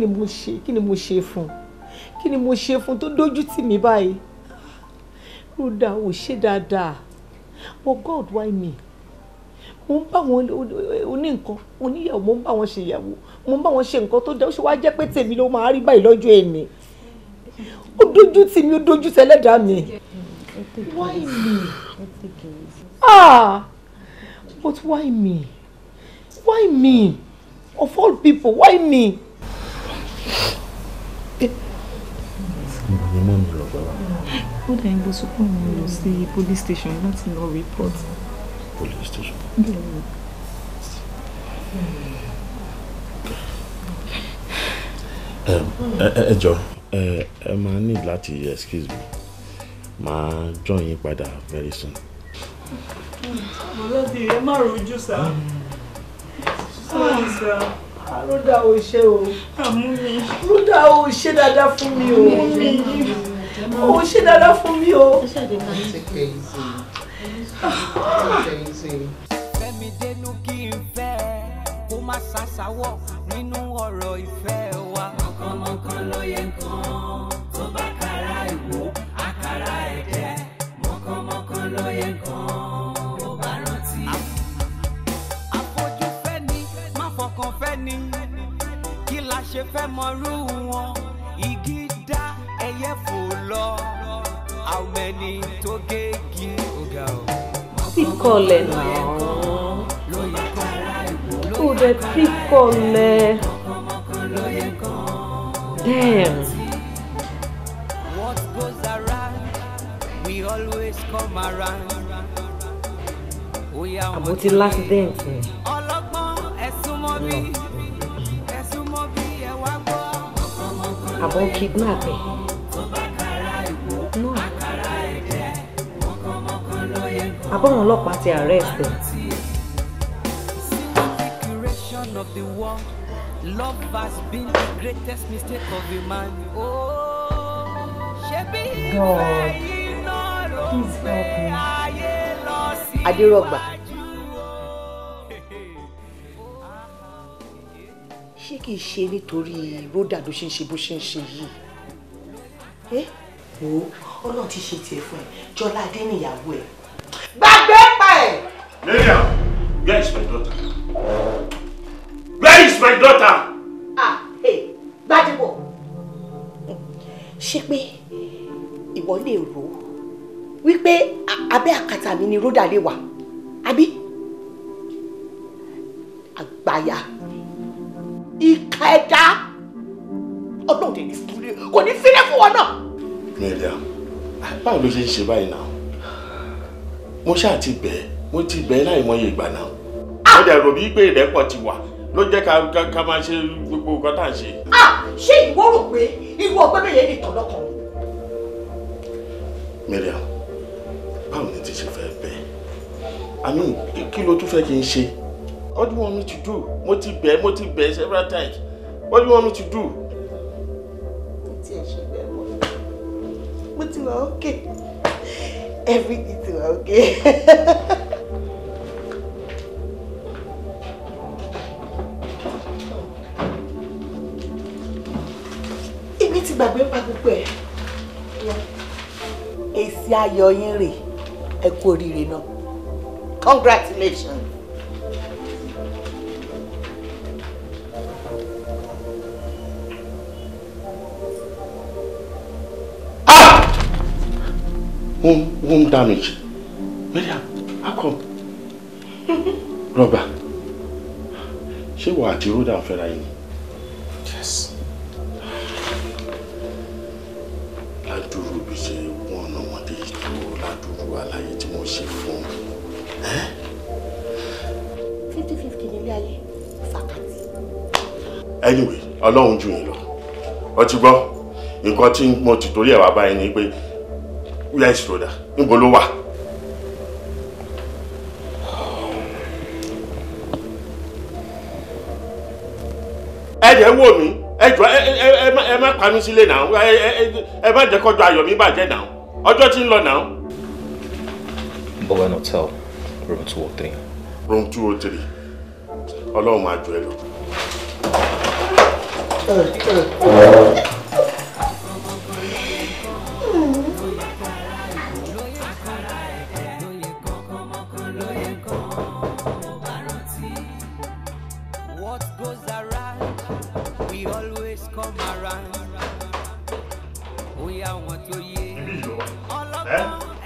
ni mo ṣe kí ni mo ṣe fún kí ni mo ṣe fún tó dójú tì mí báyìí rúdà ò ṣe dáadáa but God why me mo ń bá wọn oní nǹkan oníyàwó mo ń bá wọn ṣe ìyàwó mo ń bá wọn ṣe nǹkan tó dáwọ́ ṣe wá jẹ́ pé tèmi ló máa rí báyìí lọ́jọ́ èmi ó dójú tì mí ó dójú tẹlẹ́dàá mi why me ah but why me why me of all people why me. ni mọ́ mi lọ gbọ́dọ̀. ó dà ìbò sùpọ̀ mi lọ sí police station láti lọ report. police station. ẹ jọ ẹ máa ní láti excuse me màá join yín padà very soon. ọlọ́dẹ ẹ má rojú sá. sọ́ọ̀nù mm. sá. Rúdà ò ṣe o. Rúdà ò ṣe dáadáa fún mi o. Ò ṣe dáadáa fún mi o. Ah. Fẹ́mi dénú kí n fẹ́ kó má ṣàṣàwọ̀ nínú ọ̀rọ̀ ìfẹ́ wa. Mọ̀kànmọ́kàn ló yẹ kàn. ṣe fẹ́ mọrú wọn igi dá ẹyẹ fò lọ àwọn tó gégi ọ̀gá o. píkọlẹ̀ náà ó dẹ̀ píkọlẹ̀ damn. àbótí last dance ọlọ́gbọ́n ẹ̀sùn mọ́ mi. àbọ̀ kidnap ẹ̀. no àbọ̀ àwọn ọlọ́pàá ti arrest ẹ̀. Love has been the greatest mistake of a man. Oh, ṣebí ìfẹ́ iná ló ń fẹ́ ayé lọ sí ṣé kìí ṣe nítorí ròdà ló ṣe ń ṣe bó ṣe ń ṣe yìí wo ọlọ́run ti ṣe tiẹ̀ fún ẹ jọlá adé níyàwó ẹ. gbàgbé pa ẹ. Lydia, where is my daughter? Where is my daughter? ah hey, Gbádébọ̀ ṣé pé ìwọ lè rò ó wípé abẹ́ àkàtà mi ni ròdà lè wà àbí àgbáyà ìka ẹ̀dá ọlọ́run tẹ̀ ní fúlẹ̀ kò ní fílẹ̀ fún wọn náà. Nàìjíríà báwo ló ṣe ń ṣe báyìí náà mo ṣáà ti bẹ̀ẹ́ mo ti bẹ̀ẹ́ láì mọye ìgbà náà ah! mo dẹ̀ rò bí pé ìrẹ́pọ̀ ti wà ló jẹ́ ká ká máa ṣe gbogbo nǹkan tá à ń ṣe. Ah! ṣé ìwọ rò pé ìwọ gbẹ́bẹ̀ yẹn lè tọ̀ lọ́kàn. báwo ni ti ṣe fẹ́ bẹ́ẹ̀ àmì kí ló tún fẹ́ kí n ṣe What do you want me to do? Mo ti bẹ̀ mo several times. What do you want me to do? Mo ti ẹ̀ ṣe bẹ́ẹ̀ mọ́. okay. Everything is okay. (laughs) Èmi ti gbàgbé pa gbogbo ẹ̀. Èsì ayọ̀ yín rèé. Ẹ kú oríire Congratulations. home home damage. Miriam, how come? Robert, she was at ti rúdà ń fẹ́ra yín? Yes. Ládùúrú bí ṣe wọ́n ọ̀nà wọn dé tó ládùúrú àlàyé tí mo ṣe fún un. Fifty fifty nílé ayé, Anyway, Ọlọ́run jù yín lọ. Ó ti gbọ́, nǹkan tí mo ti torí ẹ̀ ó yá ìṣòro dà wa. ló wà. ẹ̀jẹ̀ wò mí ẹ̀jọ̀ ẹ má pa mí sílé náà ẹ má jẹ́ kọjọ ayọ̀ mi bàjẹ́ náà ọjọ́ Hotel, room two room two oh three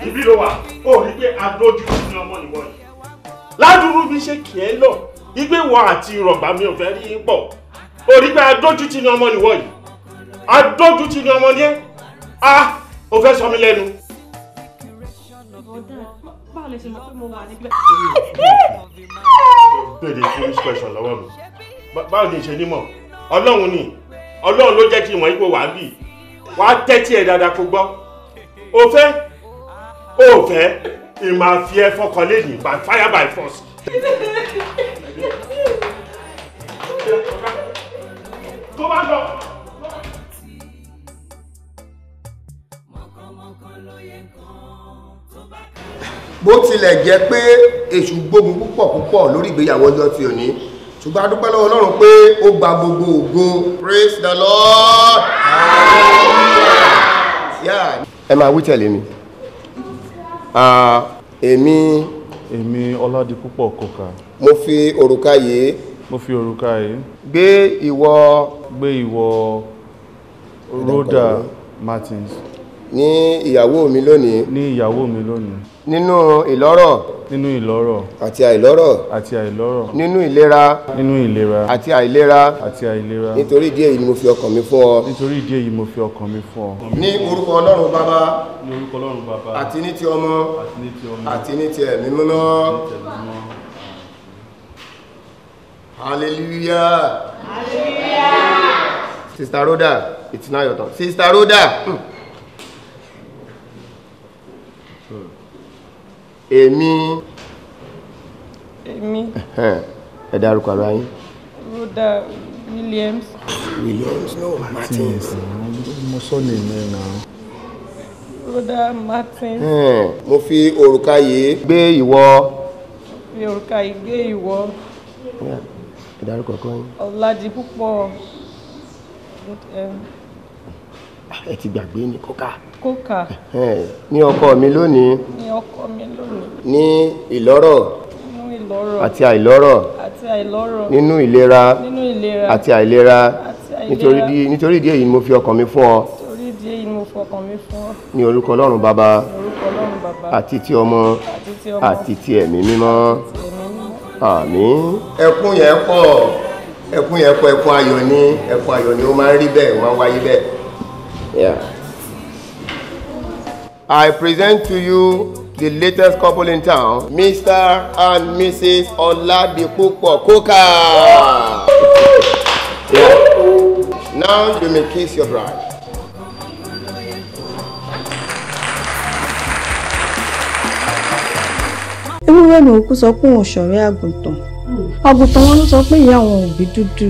ibi ló wà ó rí pé adójú ní ọmọ ìwọ yìí. ládùúrú bí ṣe kì í lọ ìgbéwọ àti ìrọ̀gbà mi ò fẹ́ rí i pọ̀ ó rí pé adójú ti ní ọmọ ìwọ yìí adójú ti ní ọmọ yẹn a ò fẹ́ sọ mi lẹ́nu. báwo lè ṣe mọ̀ pé mo wà níbẹ̀. bẹ́ẹ̀ ni foolish question lọ́wọ́ mi báwo ni ìṣe ni mọ̀ ọlọ́run ni ọlọ́run ló jẹ́ kí ìmọ̀ ipò wà bì wà tẹ́tí ẹ̀ dáadáa kó gbọ́ òfẹ́ ó fẹ́ ẹ máa fi ẹ fọkàn lẹ́yìn by fire by force. tó bá lọ. bó tilẹ̀ jẹ́ pé èṣù gbógun púpọ̀ púpọ̀ lórí ìgbéyàwó ọjọ́ ti òní ṣùgbọ́n a dúpẹ́ lọ́wọ́ Ọlọ́run pé ó gba gbogbo ògo praise the Lord. ẹ máa wí tẹ̀lé mi. èmi èmi púpọ̀ Kòkà mo fi òrùka yìí mo fi òrùka yìí gbé ìwọ gbé ìwọ Rhoda Martins ní ìyàwó mi lónìí ní ìyàwó mi lónìí nínú ìlọ́rọ̀ nínú ìlọ́rọ̀ àti àìlọ́rọ̀ àti àìlọ́rọ̀ nínú ìlera nínú ìlera àti àìlera àti àìlera nítorí ìdí èyí mo fi ọkàn mi fún ọ nítorí ìdí èyí mo fi ọkàn mi fún ọ ní orúkọ Ọlọ́run Baba ní orúkọ Ọlọ́run Baba àti ní ti ọmọ àti ní ti ọmọ àti ní ti ẹ̀mí mímọ́ hallelujah sister Rhoda it's now your turn sister Rhoda hmm. èmi èmi ẹ dárúkọ ara yín. Rhoda Williams. Williams no Martins. mo sọ ní ìmọ̀ ẹ̀ náà. Rhoda Martins. mo fi òrùka yìí gbé ìwọ. fi òrùka yìí gbé ìwọ. ẹ dárúkọ kọ́ yín. ọ̀làjì púpọ̀ ah, ẹ ti gbàgbé ní kókà kókà. ní ọkọ mi lónìí. ní ọkọ mi lónìí. ní ìlọ́rọ̀. nínú ìlọ́rọ̀. àti àìlọ́rọ̀. àti àìlọ́rọ̀. nínú ìlera. nínú ìlera. àti àìlera. àti àìlera. nítorí ìdí èyí mo fi ọkàn mi fún ọ. nítorí ìdí èyí mo fi ọkàn mi fún ọ. ní orúkọ ọlọ́run bàbá. ní orúkọ ọlọ́run bàbá. àti ti ọmọ. àti ti ẹ̀mí mímọ́. àmín. ẹkún yẹn pọ̀ ẹkún yẹn pọ̀ ẹkún ayọ̀ ni ẹkún ayọ̀ ni ó máa ń rí bẹ́ẹ̀ wọ́n á wáyé bẹ́ẹ̀. I present to you the latest couple in town, Mr. and Mrs. Oladipupo Koka. yeah. Now you may kiss your bride. ewúrẹ́ ni òkú sọ pé òun ṣọ̀rẹ́ àgùntàn àgùntàn wọn ló sọ pé ìyá àwọn òbí dúdú.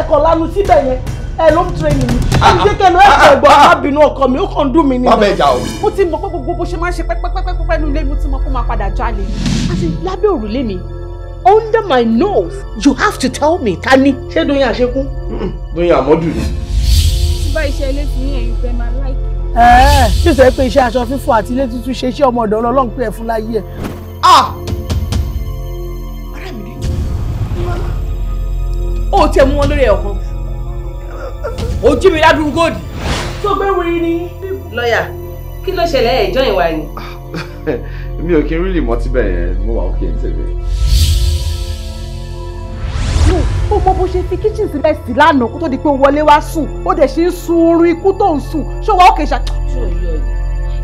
ẹ̀kọ́ lanu síbẹ̀ yẹn ẹ ló ń training mi ṣé ah, kí ẹ lọ ah, ẹ̀kọ́ ẹ̀gbọ́n ah, arábìnrin ọkọ mi ó kàn ń dùn mí nínú. wọ́n bẹ̀ jà o. mo ti mọ̀ pé gbogbo bó ṣe máa ń ṣe pẹ́pẹ́pẹ́pẹ́ nínú ilé mo ti mọ̀ pé máa padà jalè àti lábẹ́ òrùlé mi under my nose you have to tell me ta ni. ṣé doyin àṣekún. doyin àmọ́dù ni. tí bá iṣẹ́ ilé fi yín ẹ̀yin fẹ́ máa láìpẹ́. ẹ̀ẹ́ tí ó sọ pé iṣẹ́ aṣọ fífọ̀ àti ilé tuntun ṣe iṣẹ́ ọmọ ọ̀dọ́ ọlọ́run pé ẹ̀ fún láyé ẹ̀. ah ara mi rí. o ò tẹ mú wọn lórí ẹ̀ ọ̀kan ó jí mi ládùúgbò góòdì. tó gbé wiri ni. lọ́ọ̀yà kí ló ṣẹlẹ̀ ẹ̀jọ́ ìwà ni. (laughs) mi ò kí n rílì mọ́ tíbẹ̀ yẹn mo wà òkè ní tèmi. ó mọ bó ṣe fi kíchìn sílẹ̀ sí lánàá kó tó di pé ó wọlé wá sùn ó dẹ̀ ṣe ń sun oorun ikú tó ń sùn ṣé wàá òkè ṣá. ṣé o yọ yìí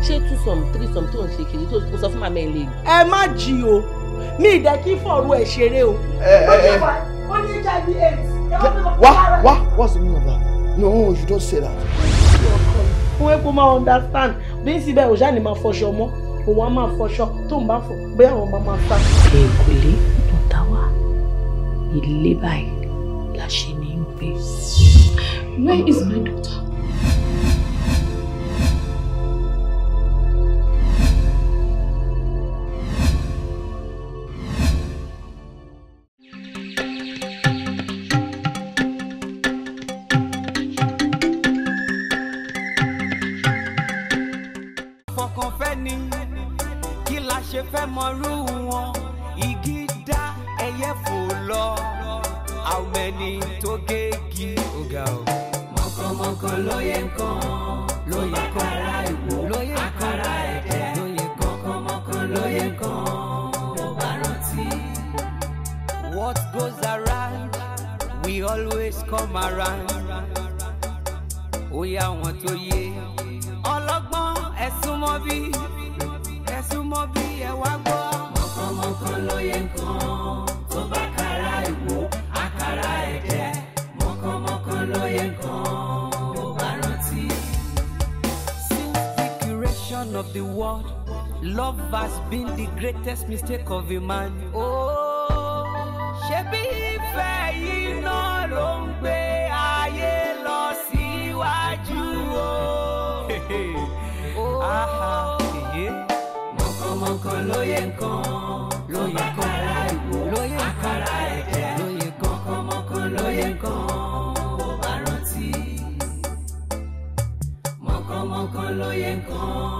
ṣé two some three some tó ń ṣe kiri tó sọ fún màmá ẹ lè. ẹ má jí o mi ìdẹ kí fọ̀rọ̀ ẹ̀ ṣeré o. Eh, eh, ó ní hiv eh. aids. wá wá what's the meaning of that. No, you don't say that. Òwe kò máa understand. Bí síbẹ̀ òjá ni for sure, mọ́, òun á máa fọṣọ tó ń bá fọ, bóyá àwọn máa máa sá. Èkòlé ló ta wá. Ilé báyìí la ṣe ní gbé. Where is my daughter? grace come around. wọn tó yé. Ọlọ́gbọ́n bí bí ẹ wá gbọ́. tó bá kára ìwò àkàrà ẹ̀jẹ̀. Since the creation of the world, love has been the greatest mistake of a man. Oh, ṣebí. ló ń gbé ayé lọ síwájú o. (laughs) mọ̀kànmọ̀kàn lóye kan lóye kan lóye àkàrà ẹ̀jẹ̀ lóye kan mọ̀kànmọ̀kàn lóye kan ó bá rántí mọ̀kànmọ̀kàn lóye kan.